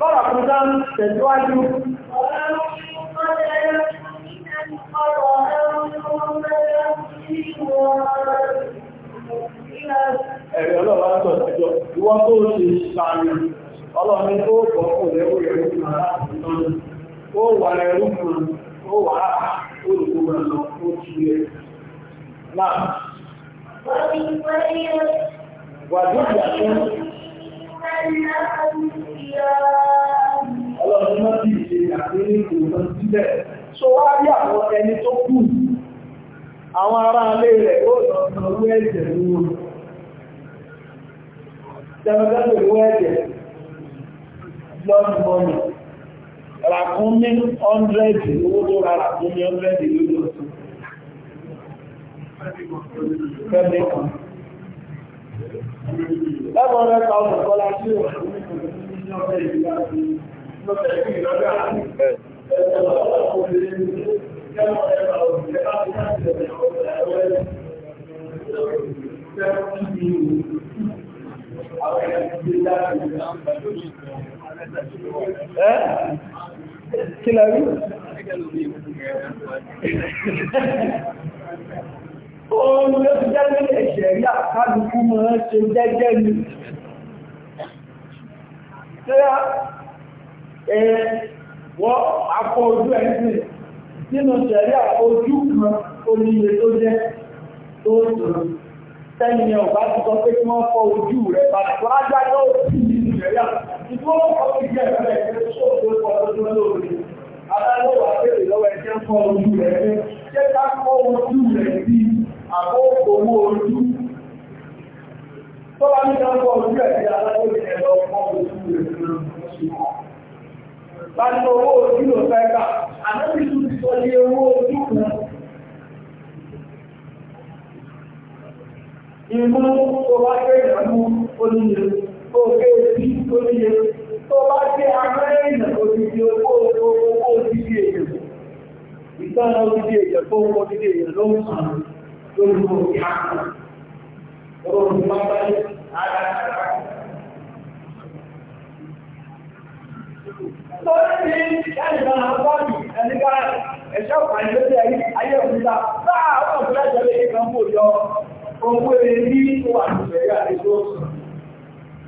Kọ́rọ̀ fún dán tẹ̀síwájú. Ẹ̀rẹ̀ ọlọ́wọ́ látọ̀ ìjọ, ìwọ́n tó ṣe ṣàrin, ọlọ́ni ó bọ̀ kò lẹ́wọ́ ẹ̀rọ fún So àwọn ẹni tó Àwọn ará alé rẹ̀ ó lọ́nà ẹ̀jẹ̀ ní wọn. Jẹ́mọ̀tẹ́lẹ̀ owó ẹ̀jẹ̀ lọ́nà mọ́nà. Ràkún ní 100 owó tó ra ràkún ní 100 lójọ́sùn. Fẹ́ẹ̀mẹ́kan. Lẹ́mọ̀ Kí la rí? Oòrùn ló ti jẹ́ lórí ẹ̀ṣẹ̀ rí àkádùkú mọ́ tẹ́lá ẹ̀ wọ́n akọ ojú ẹ̀sìn nínú tẹ̀lé ojú kan oníye tó jẹ́ tó sọ̀rọ̀ tẹ́lẹ̀ ọ̀bá ti sọ pé kí wọ́n fọ ojú rẹ̀ padà tó ájájọ́ òsì nínú tẹ̀lé ìfowópamọ́ ìjẹ́ ẹ̀rẹ́ ìfẹ́ adájọ́ wà bèèrè lọ́wọ́ ẹjẹ́ fọ́ ojú rẹ̀ jẹ́ ká fọ́ ojú rẹ̀ bí àkókò owó ojú tó bá ní ọkọ̀ ojú ẹ̀sẹ̀ alágbèrè ẹ̀rọ ọkọ̀ ojú rẹ̀ bá ní owó ojú ló fẹ́ kà ànábì tún ti sọ ní owó ojú kan ìmú tó bá gbé ìdàmú oníye tó gbé etí oníye tó bá gbé amẹ́rìnà odidi owó owó odidi èèyàn ìtọ́nà odidi èèyàn tó ń odidi èèyàn Orang memakai ada Lọ́dún ní láti bá àwọn bọ́ọ̀lù ẹ̀nìká ẹ̀ṣọ́ ìpàdé lórí ayé òmìnira láàárọ̀ òmìnira jẹ́lé ìkan kò yọ owó eré ní wà ní ìṣẹ̀rí àdéjọ́.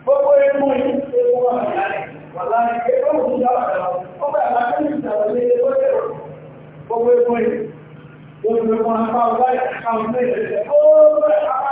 Gbogbo ẹgbùn ní ewu wà láàárín ẹgbẹ́ òmìnira wà lọ. Ó bẹ̀rẹ̀ láti ní ìṣàlọ́ ní ẹgbẹ́ Gbogbo ẹgbùn ní, gbogbo ẹgbùn apá ọgbà ìṣàkàwọn ní ìṣẹ̀rí. Ó bẹ̀rẹ̀ apá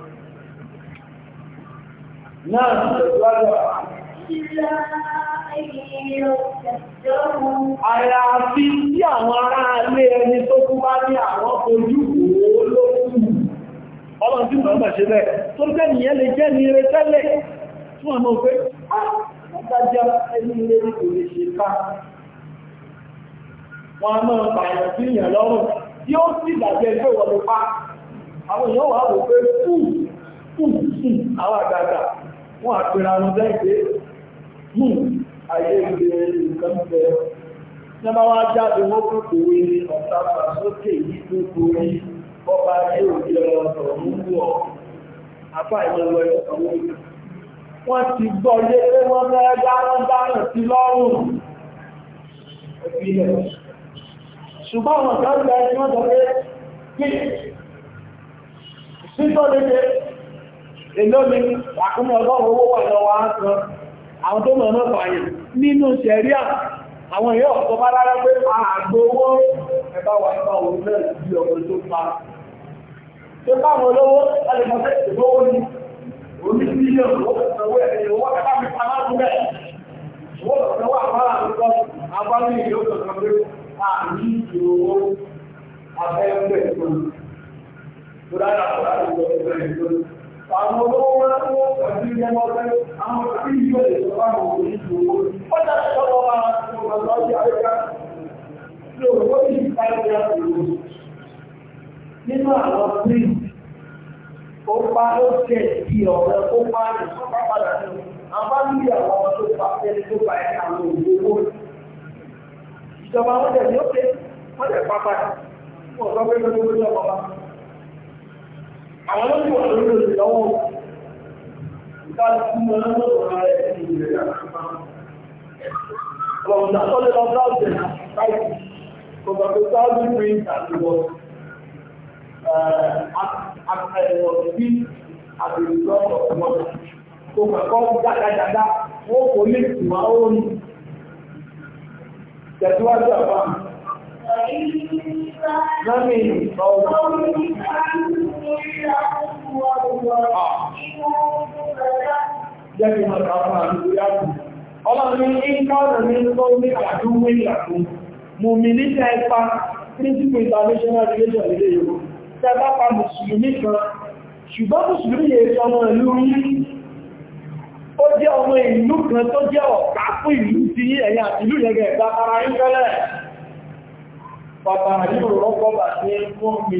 náà tẹ̀síwájú tí àwọn ará alé ẹni tó kú bá ní àwọn ojú ṣe tó jẹ́ lè jẹ́ ire tẹ́lẹ̀ tí wọ́n mọ̀ pé, ah, ẹni ilé ní kò lè ṣe ká." Wọ́n a máa pa. Àwọn èèyàn wà wò pé, fún, wọ́n àpẹẹrẹ wọn lẹ́gbẹ̀ẹ́ mú ayé ilé nǹkan bẹ nígbà wá jáde wọ́n kò kò wé ọ̀tá sókè yìí tó gorí ọba ayé òbí ọ̀tọ̀ ń wú ọ apá ìlọ́wọ́ ẹ̀kọ́ wọ́n ti gbọ́ yé pé wọ́n bẹ́ẹ̀ dáná dáná sí lọ́rùn ìpínlẹ̀ ṣùgbọ́n àwọn kan bẹ́ẹ̀ tí wọ́n sọ pé kí sísọ́ lè èló mi àkúnmọ̀ ọgọ́rùn owó wà lọ wá sọ àwọn tó mọ̀ náà fàyè nínú sẹ̀ríà àwọn èèyàn ọ̀tọ̀ bá rárá pé àgbówó ẹ̀bá wà nípa òun náà bí ọmọ tó pa tó káwọn olówó alẹ́mọ̀sẹ̀ ìgbówó ni orí mílíọ̀nù owó ìsanwó ẹ̀yẹ owó ẹ̀bá mi pa láàrú bẹ́ẹ̀ owó ìsanwó àwọn àkókò abánú ìlú ọ̀tọ̀ pé àmì ìdòwó abẹ́rẹ́ àwọn olówó wọn tó wọ́n pẹ̀lú ilé ọgbẹ́ àwọn tí ìlú èdè tó bá wọn kò ní ju owó ó dájú lọ́wọ́ wa ọ̀gá lọ́jọ́ àríkà tí ó wọ́n ní ìpàdé àtòwò nínú àwọn tí ó bá ó jẹ́ ti ọ̀rẹ́ ó bá ní sọ́pá padà ní àbájúbí àwọn ọmọ tó pa ẹni tó bá ẹni àwọn àwọn olóògbò lórí ìlọ́wọ́ ìdájúmọ́ lọ́wọ́ rẹ̀ ní ìrẹ̀ From the solid of thousand and society, from the thousand things that he Jẹ́kì máa tàbí àdúgbò yàtù. Ọlọ́run ní ìkọ́nà ní tó ní àdúgbò ìyàtù. Mo mi ní ṣe ipa Principal International Relation ilé yóò. Tẹ́bá pa Mùsùlùmí kan, ṣùgbọ́n Mùsùlùmí yẹ sọmọ ìlú yìí. Ó jẹ́ ọmọ ìlú kan tó jẹ́ ọ̀pá fún ìlú ti ẹ̀yà ìlú yẹgẹ̀ ìgbà ara ń fẹ́lẹ̀. Bàbá àdúgbò rọ́pọ̀ bà ní fún mi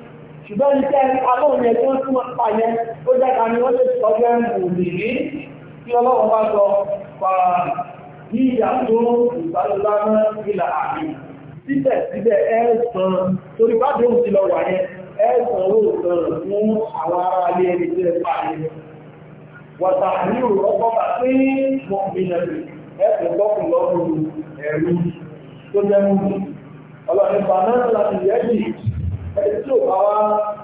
ṣùgbọ́n ní tẹ́ alóhùn yẹn tó ń tún pa yẹn ó jẹ́ ká wọ́n lè sọ jẹ́ mùmí ní ọlọ́run bá sọ pa ní ìyà tó ìlà àmì síbẹ̀síbẹ̀ ẹ̀sán torí bá dóhùn sí lọ wà yẹn ẹ̀sán ó sàn fún àwọn ará alẹ́ ẹni tí ẹ pa yẹn wọ̀tà ní òrọ́pọ̀ bá pé mọ̀mí náà ẹ̀sán gbọ́kùn lọ́rùn ẹ̀rú tó jẹ́ mú ọlọ́run pa náà láti yẹ́ ẹni tí ò bá wá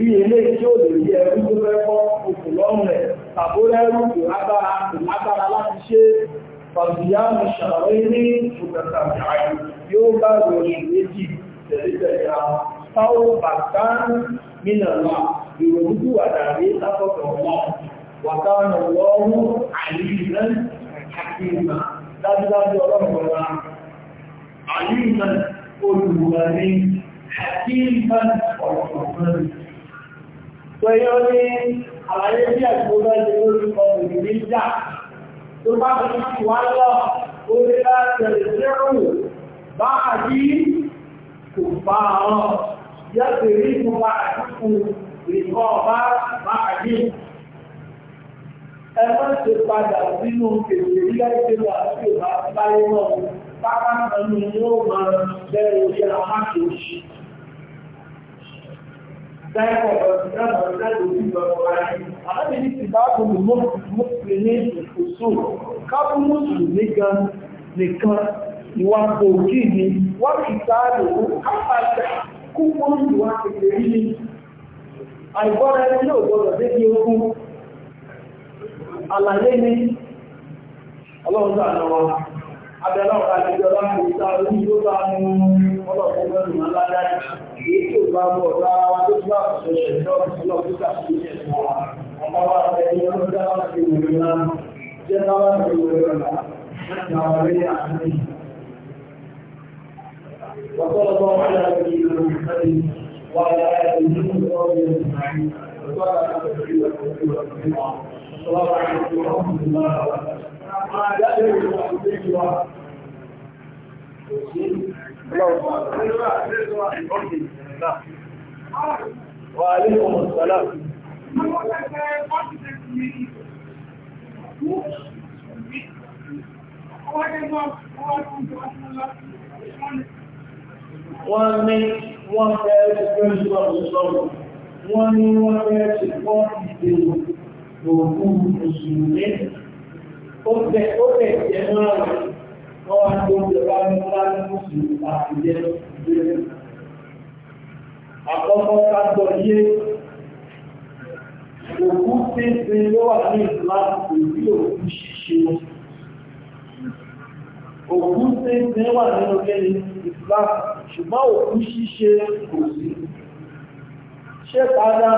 rí ilé tí ó lè rí ẹrú tó fẹ́ kọ́ oṣù lọ́rùn rẹ̀ tàbó rẹ́rù kò lágbára kò lágbára láti ṣe fàbíyá mi ṣàlàyé ní ìṣòkàtà àyè yóò bá ròyìn méjì tẹ̀lé-tẹ̀lé àwọn táwọn bàtán mínà náà ìròyìn wàdà àkíyíká ọ̀pọ̀lọpọ̀ pẹ̀lú ní àlàyé bí àgbóná ní orúkọ òmìnirí jà tó bá bẹ̀rẹ̀ sí wá lọ orí látẹ̀lẹ̀ sẹ́rù bá àjí kò bá ọ̀ yàtọ̀ rí fún bá àkókò ìkọ́ bá bá àjí ẹgbẹ́ ṣe padà sínú kèfè ilẹ̀ ìṣẹ́lẹ̀ àti ìbá báyé náà pápá kanú ni ó máa bẹ̀rẹ̀ orí àwọn dáìpọ̀ ọ̀sìn dáàbò dáàbò ní ti ní ìfòsò. Kábù mọ́sùlùmí nìkan ìwà gbòógì ni wọ́n ti ìwà Àìgbọ́ra ogun. Àlàyé abẹ́lá ọ̀kadà ìjọba ìta orí yóò bá mú ọlọ́pẹ́ mẹ́rin aládáyé èyí tí ó bá mú ọ̀dọ́ ara wa tó bá ṣẹ̀ṣẹ̀ lọ́pẹ́ ọlọ́pẹ́ ṣàkóso ẹ̀sùn wa ọmọ wa ẹni ọdún dáwà sí ìwé náà jẹ́ dáwà sí ìwé náà láti àwọn ilé àti وصلى الله على نبينا محمد وعلى اله وعليكم السلام wọ́n ní wọ́n fẹ́ ṣe fẹ́ ṣe ọ̀pọ̀lọpọ̀ wọ́n ní wọ́n fẹ́ ṣe fọ́ ìdèrò òkú òṣùlẹ́ ọ̀pẹ̀ ọ̀pẹ̀ jẹ́ máa rẹ̀ wọ́n wá tó ń jọba ní láti mùsùn àti jẹ́ ìgbéyàwó. Àkọ́kọ́ ká gbọ́ yé òkú pínpín ló wà ní ìsìláàmù kò òkú ṣíṣe. Òkú pínpín wà nínú kẹ́ni ìsìláàmù ṣùgbọ́n òkú ṣíṣe kò sí. Ṣé padà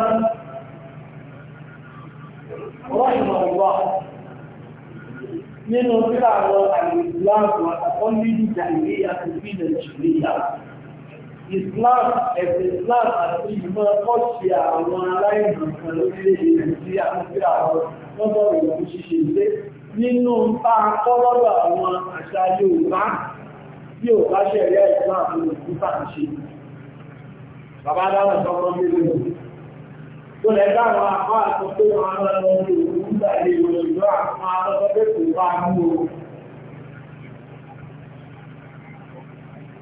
wọ́n ìmọ̀ ìwà nínú síra àwọn àìsíláàmù àtàkọ́ nínú ìdàgbé àtòfin nàìjíríà islam ẹ̀sìn islam àti ìmọ̀ ọ̀ṣì àwọn aláìmọ̀kan lórílẹ̀-èdè nàìjíríà ń síra àwọn lọ́dọ̀ ìwọ̀n ṣíṣe ilé nínú bá kọ́lọ́dọ̀ àwọn àṣà yorùbá bí ò bá ṣẹ̀rẹ́ islam ló kú sàǹṣe bàbá dáwọn ìtọ́kọ́ mélòó tó lẹ́gbàá àwọn àpá àtọ́kọ́ àwọn ọmọ yorùbá látàrí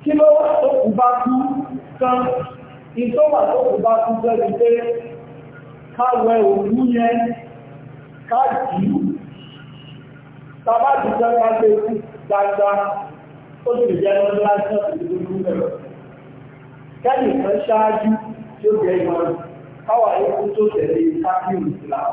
Kí ló wà tó kù bá kú tán? Ìtọ́wà tó kù bá kú tẹ́lẹ̀ pé káwẹ òkú yẹn káàkì tàbátì tẹ́lẹ̀ pé dáadáa ó sì jẹ́ lọ́dọ́ láti ọ̀pọ̀ Kẹ́lì kan ṣáájú tí ó jẹ́ ìmọ̀ káwà ikú tó tẹ̀lé káàkiri ìsìláwà.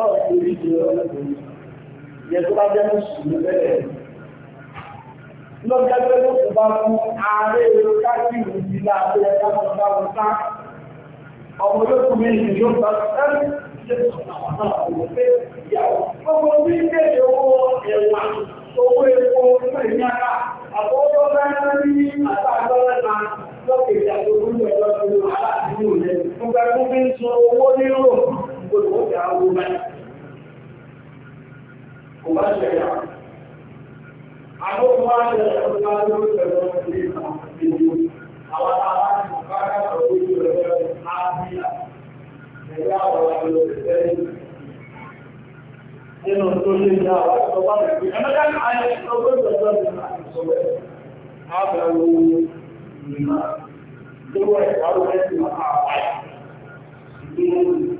ọlọ́run bá jẹ́ mùsùlùmí bẹ́ẹ̀. lọ́jọ́ ààrẹ èrò káàkiri ìdílé abẹ́rẹ́ káwọn bá wọn ọmọ olókùn mi ní yóò bá sẹ́ni ṣe sọ̀rọ̀ àwọn àwọn pé ìyàwó gbogbo bí kéde olùwọ́n ti àwọn ọmọ ẹ̀ kò bá ṣẹlẹ̀ àwọn. Àwọn ọmọ wa ṣẹlẹ̀ ọdún máa ló pẹ̀lú ọmọ ilé ìtàn ìlú. Àwọn ará ti mọ̀ káàkà ọ̀rọ̀ ojú ẹ̀rọ ábíyà. Ẹ̀yà ọ̀rọ̀ àlọ́ ìfẹ́ nínú tó lé ní àwọn ọ̀pọ̀lọpọ̀ ẹ̀mẹ́ta ní ayé ọgbọ́n ìgbàgbọ́ ní àìsọ̀rọ̀ àbẹ̀wò ìmọ̀ tó wọ́n ẹ̀kọ́ àwọn ẹ̀sìn àwọn àwọn àìsàn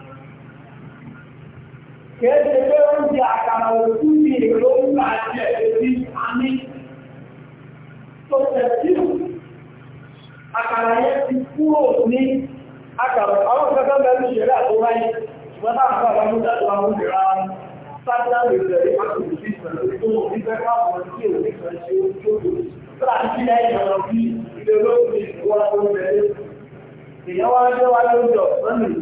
Kẹ́ẹ̀ṣe pé oúnjẹ àkàrà òkú ní èrò ńlá jẹ́ èdè àmì tó tẹ̀síù. Àkàrà yẹn ti kúrò ní àkàrà. Àwọn kẹta bẹ̀rù ìṣẹ̀lẹ̀ àtúráyé, ṣùgbọ́n táwọn àwọn àwọn ọmọdé àwọn ọmọdé ra wọn. Sáàtà lè bẹ̀rẹ̀ láti ìdí ìgbẹ̀rẹ̀ tó wọ́n ní fẹ́ káwọn tí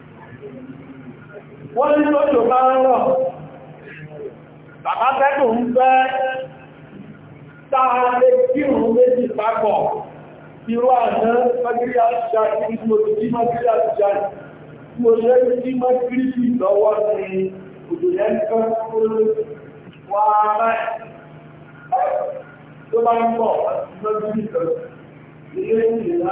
wọ́n ní lójò máa ń rọ̀ bàbá tẹ́kù ń fẹ́ táa lè kírùn méjì papọ̀ irú àná magírí tó bá ń bọ̀ láti magírí ilé ìrìnà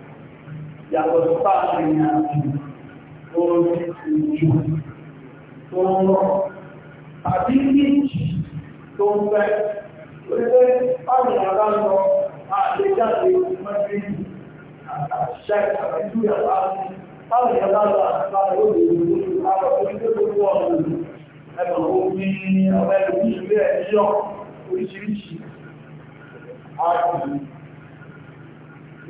yàtọ̀ sípà ìrìn àjò tó ń jù tó ń rọ̀ tàbí ìjì tó ń fẹ́ orílẹ̀ báwọn ará ń lọ àdéjáde mẹ́bí àṣẹ àbíjú yàtọ̀ àti báwọn yàtọ̀ lọ àtàlẹ́ òde ìlú àwọn orílẹ̀ tó wọ́ ọ̀rọ̀ ẹ̀bọ̀n omi ọ̀rẹ́ ìlú ilé ẹ̀ṣọ́ oríṣiríṣi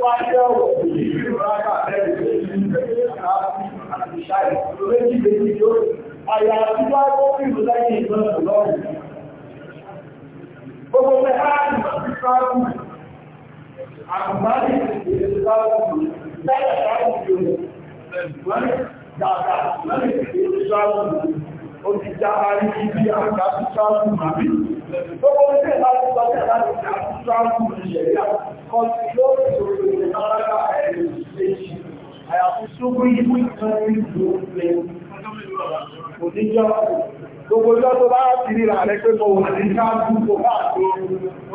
bá jẹ́ ọ̀rọ̀ ìlú rákà mẹ́rin méjì mẹ́rin àti ìṣàì méjì méjì yóò àyà àti bá tó fi ìlú lẹ́yìn ìgbọ́n lọ́rùn. Gbogbo mẹ́ta àti sáàkù àkùnbáyé ìlú sáàkù lẹ́yìn sáàkù yóò dáadáa lẹ́yìn ìlú sáàkù ó ti já arí ibi àkàtúnṣáàkù màmí. Gbogbo ṣe láti sọ ṣe láti ṣe àtúntò àwọn ìṣẹ̀lẹ̀ kan tí yóò fi òṣèlú ìdánilárà ẹ̀rọ ìṣẹ́jì. Àyàfi ṣúgbó ìlú ìtọ́rí ìlú ìlú òdíjọ́. Gbogbo ọjọ́ tó bá ti rí rà rẹ pé mo wà ní káàkiri kò bá àgbò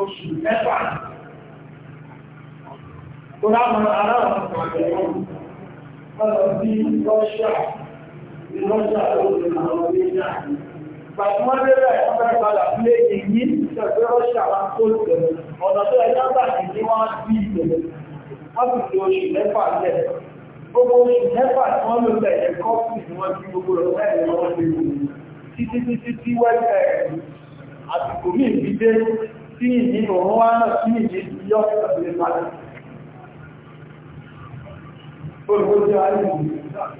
oṣù mẹ́fà. Tó dámọ̀ ará àwọn àgbẹ̀yọ́ lọ́dọ̀ sí Rọ́ṣà, Rọ́ṣà ló ti máa wọlé ní àgbẹ̀ gbàgbọ́dẹ́rẹ́ ọ̀fẹ́ padà lé èyí ṣẹ̀fẹ́ rọ́ṣà wọn tó ìṣẹ̀lẹ̀ ọ̀nà tó ẹ̀yà bàtì ní wọ́n bí ìṣẹ̀lẹ̀ wọ́n sì lo oṣù mẹ́fà lẹ̀ gbogbo oṣù mẹ́fà tí wọ́n lò lẹ̀ ẹ̀ kọ́ọ̀sì ni wọ́n fi gbogbo rẹ̀ lẹ́yìn wọn lè wò títí títí tí wẹ́ẹ̀kẹ́ àsìkò mí fi dé sí ìdí òun wá náà sí ìdí yọ ìṣẹ̀lẹ̀ padà. Olùkọ́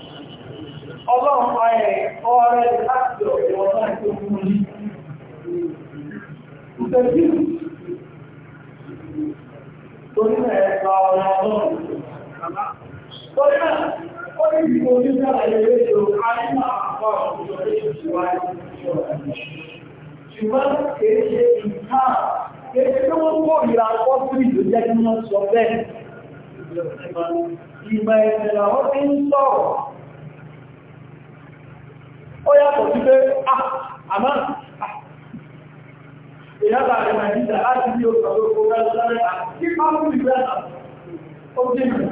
ọlọ́run ayẹ̀ ọrẹ láti ọ̀rẹ́ ọ̀rẹ́ tó mú ní ìtẹ́jú torí ẹ̀ẹ́ta ọ̀rẹ́ ọlọ́run torí náà ó ní ìgbò ní ṣàlàyé rédíò àìmà àpá ṣùgbọ́n kìí ṣe ìta kìí ṣe tó wọ́n kó ìrà pọ́ sí ìlú jẹ́ kí wọ́n sọ bẹ́ẹ̀ ìmọ̀ ìṣẹ̀lẹ̀ àwọn tí ń sọ̀rọ̀ ó yàtọ̀ sí pé àmá ìyàbà rẹ̀ nàìjíríà láti bí ó sọ̀rọ̀ ó rẹ̀ lọ́rẹ̀ àti pápú ìgbẹ́ ó dì mí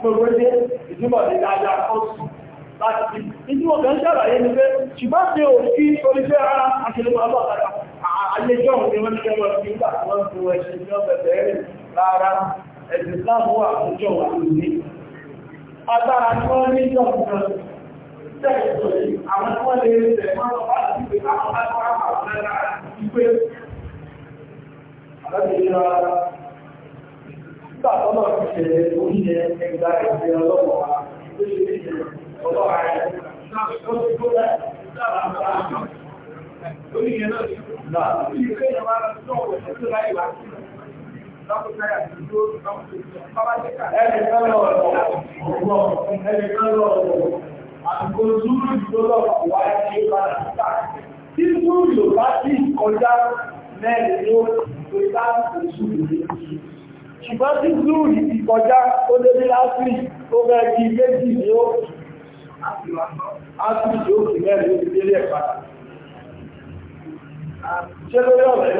gbogbo dé ìdúbọ̀ ní dáadáa kọ́sù láti bí inú ọ̀gá ń ṣàlàyé ni pé ṣùgbọ́n tí ó kí orí fẹ́ ara àṣẹlẹ́mọ̀ ọlọ́ọ̀tàdà àlejò ni wọ́n ti lọ sí nígbà tí wọ́n fi ẹ̀ṣẹ̀ ní ọ̀bẹ̀ bẹ̀rẹ̀ rárá ẹ̀sìn láàmú àkójọ wà lónìí agbára tí wọ́n ní ìjọba tẹ́ẹ̀tọ̀ yìí àwọn tí wọ́n lè tẹ̀ wọ́n lọ bá ti pè káwọn bá tó rápà lára ìgbé alábìnrin ara nígbà tọ́lọ̀ ti ṣe oúnjẹ àtìkò zúrù ìdólọ̀ wà ní padà síta tí zúrù yóò bá sí kọjá mẹ́rin ló tó láti zúrù méjì ṣùgbọ́n tí zúrù ti kọjá ó lé ní láti ó fẹ́ kí méjì ni ó àti ìjókè mẹ́rin ó ti délé ẹ̀ padà ṣé lórí ọ̀rẹ́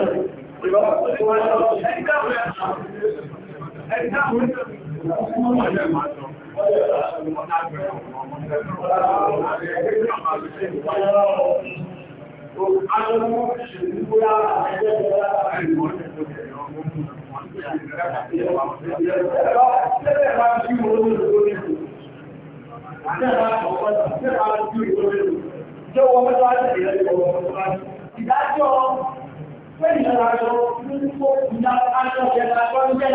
náà Ìdájọ́ pé ìrìnàjò ní kó ìdájọ́ jẹ́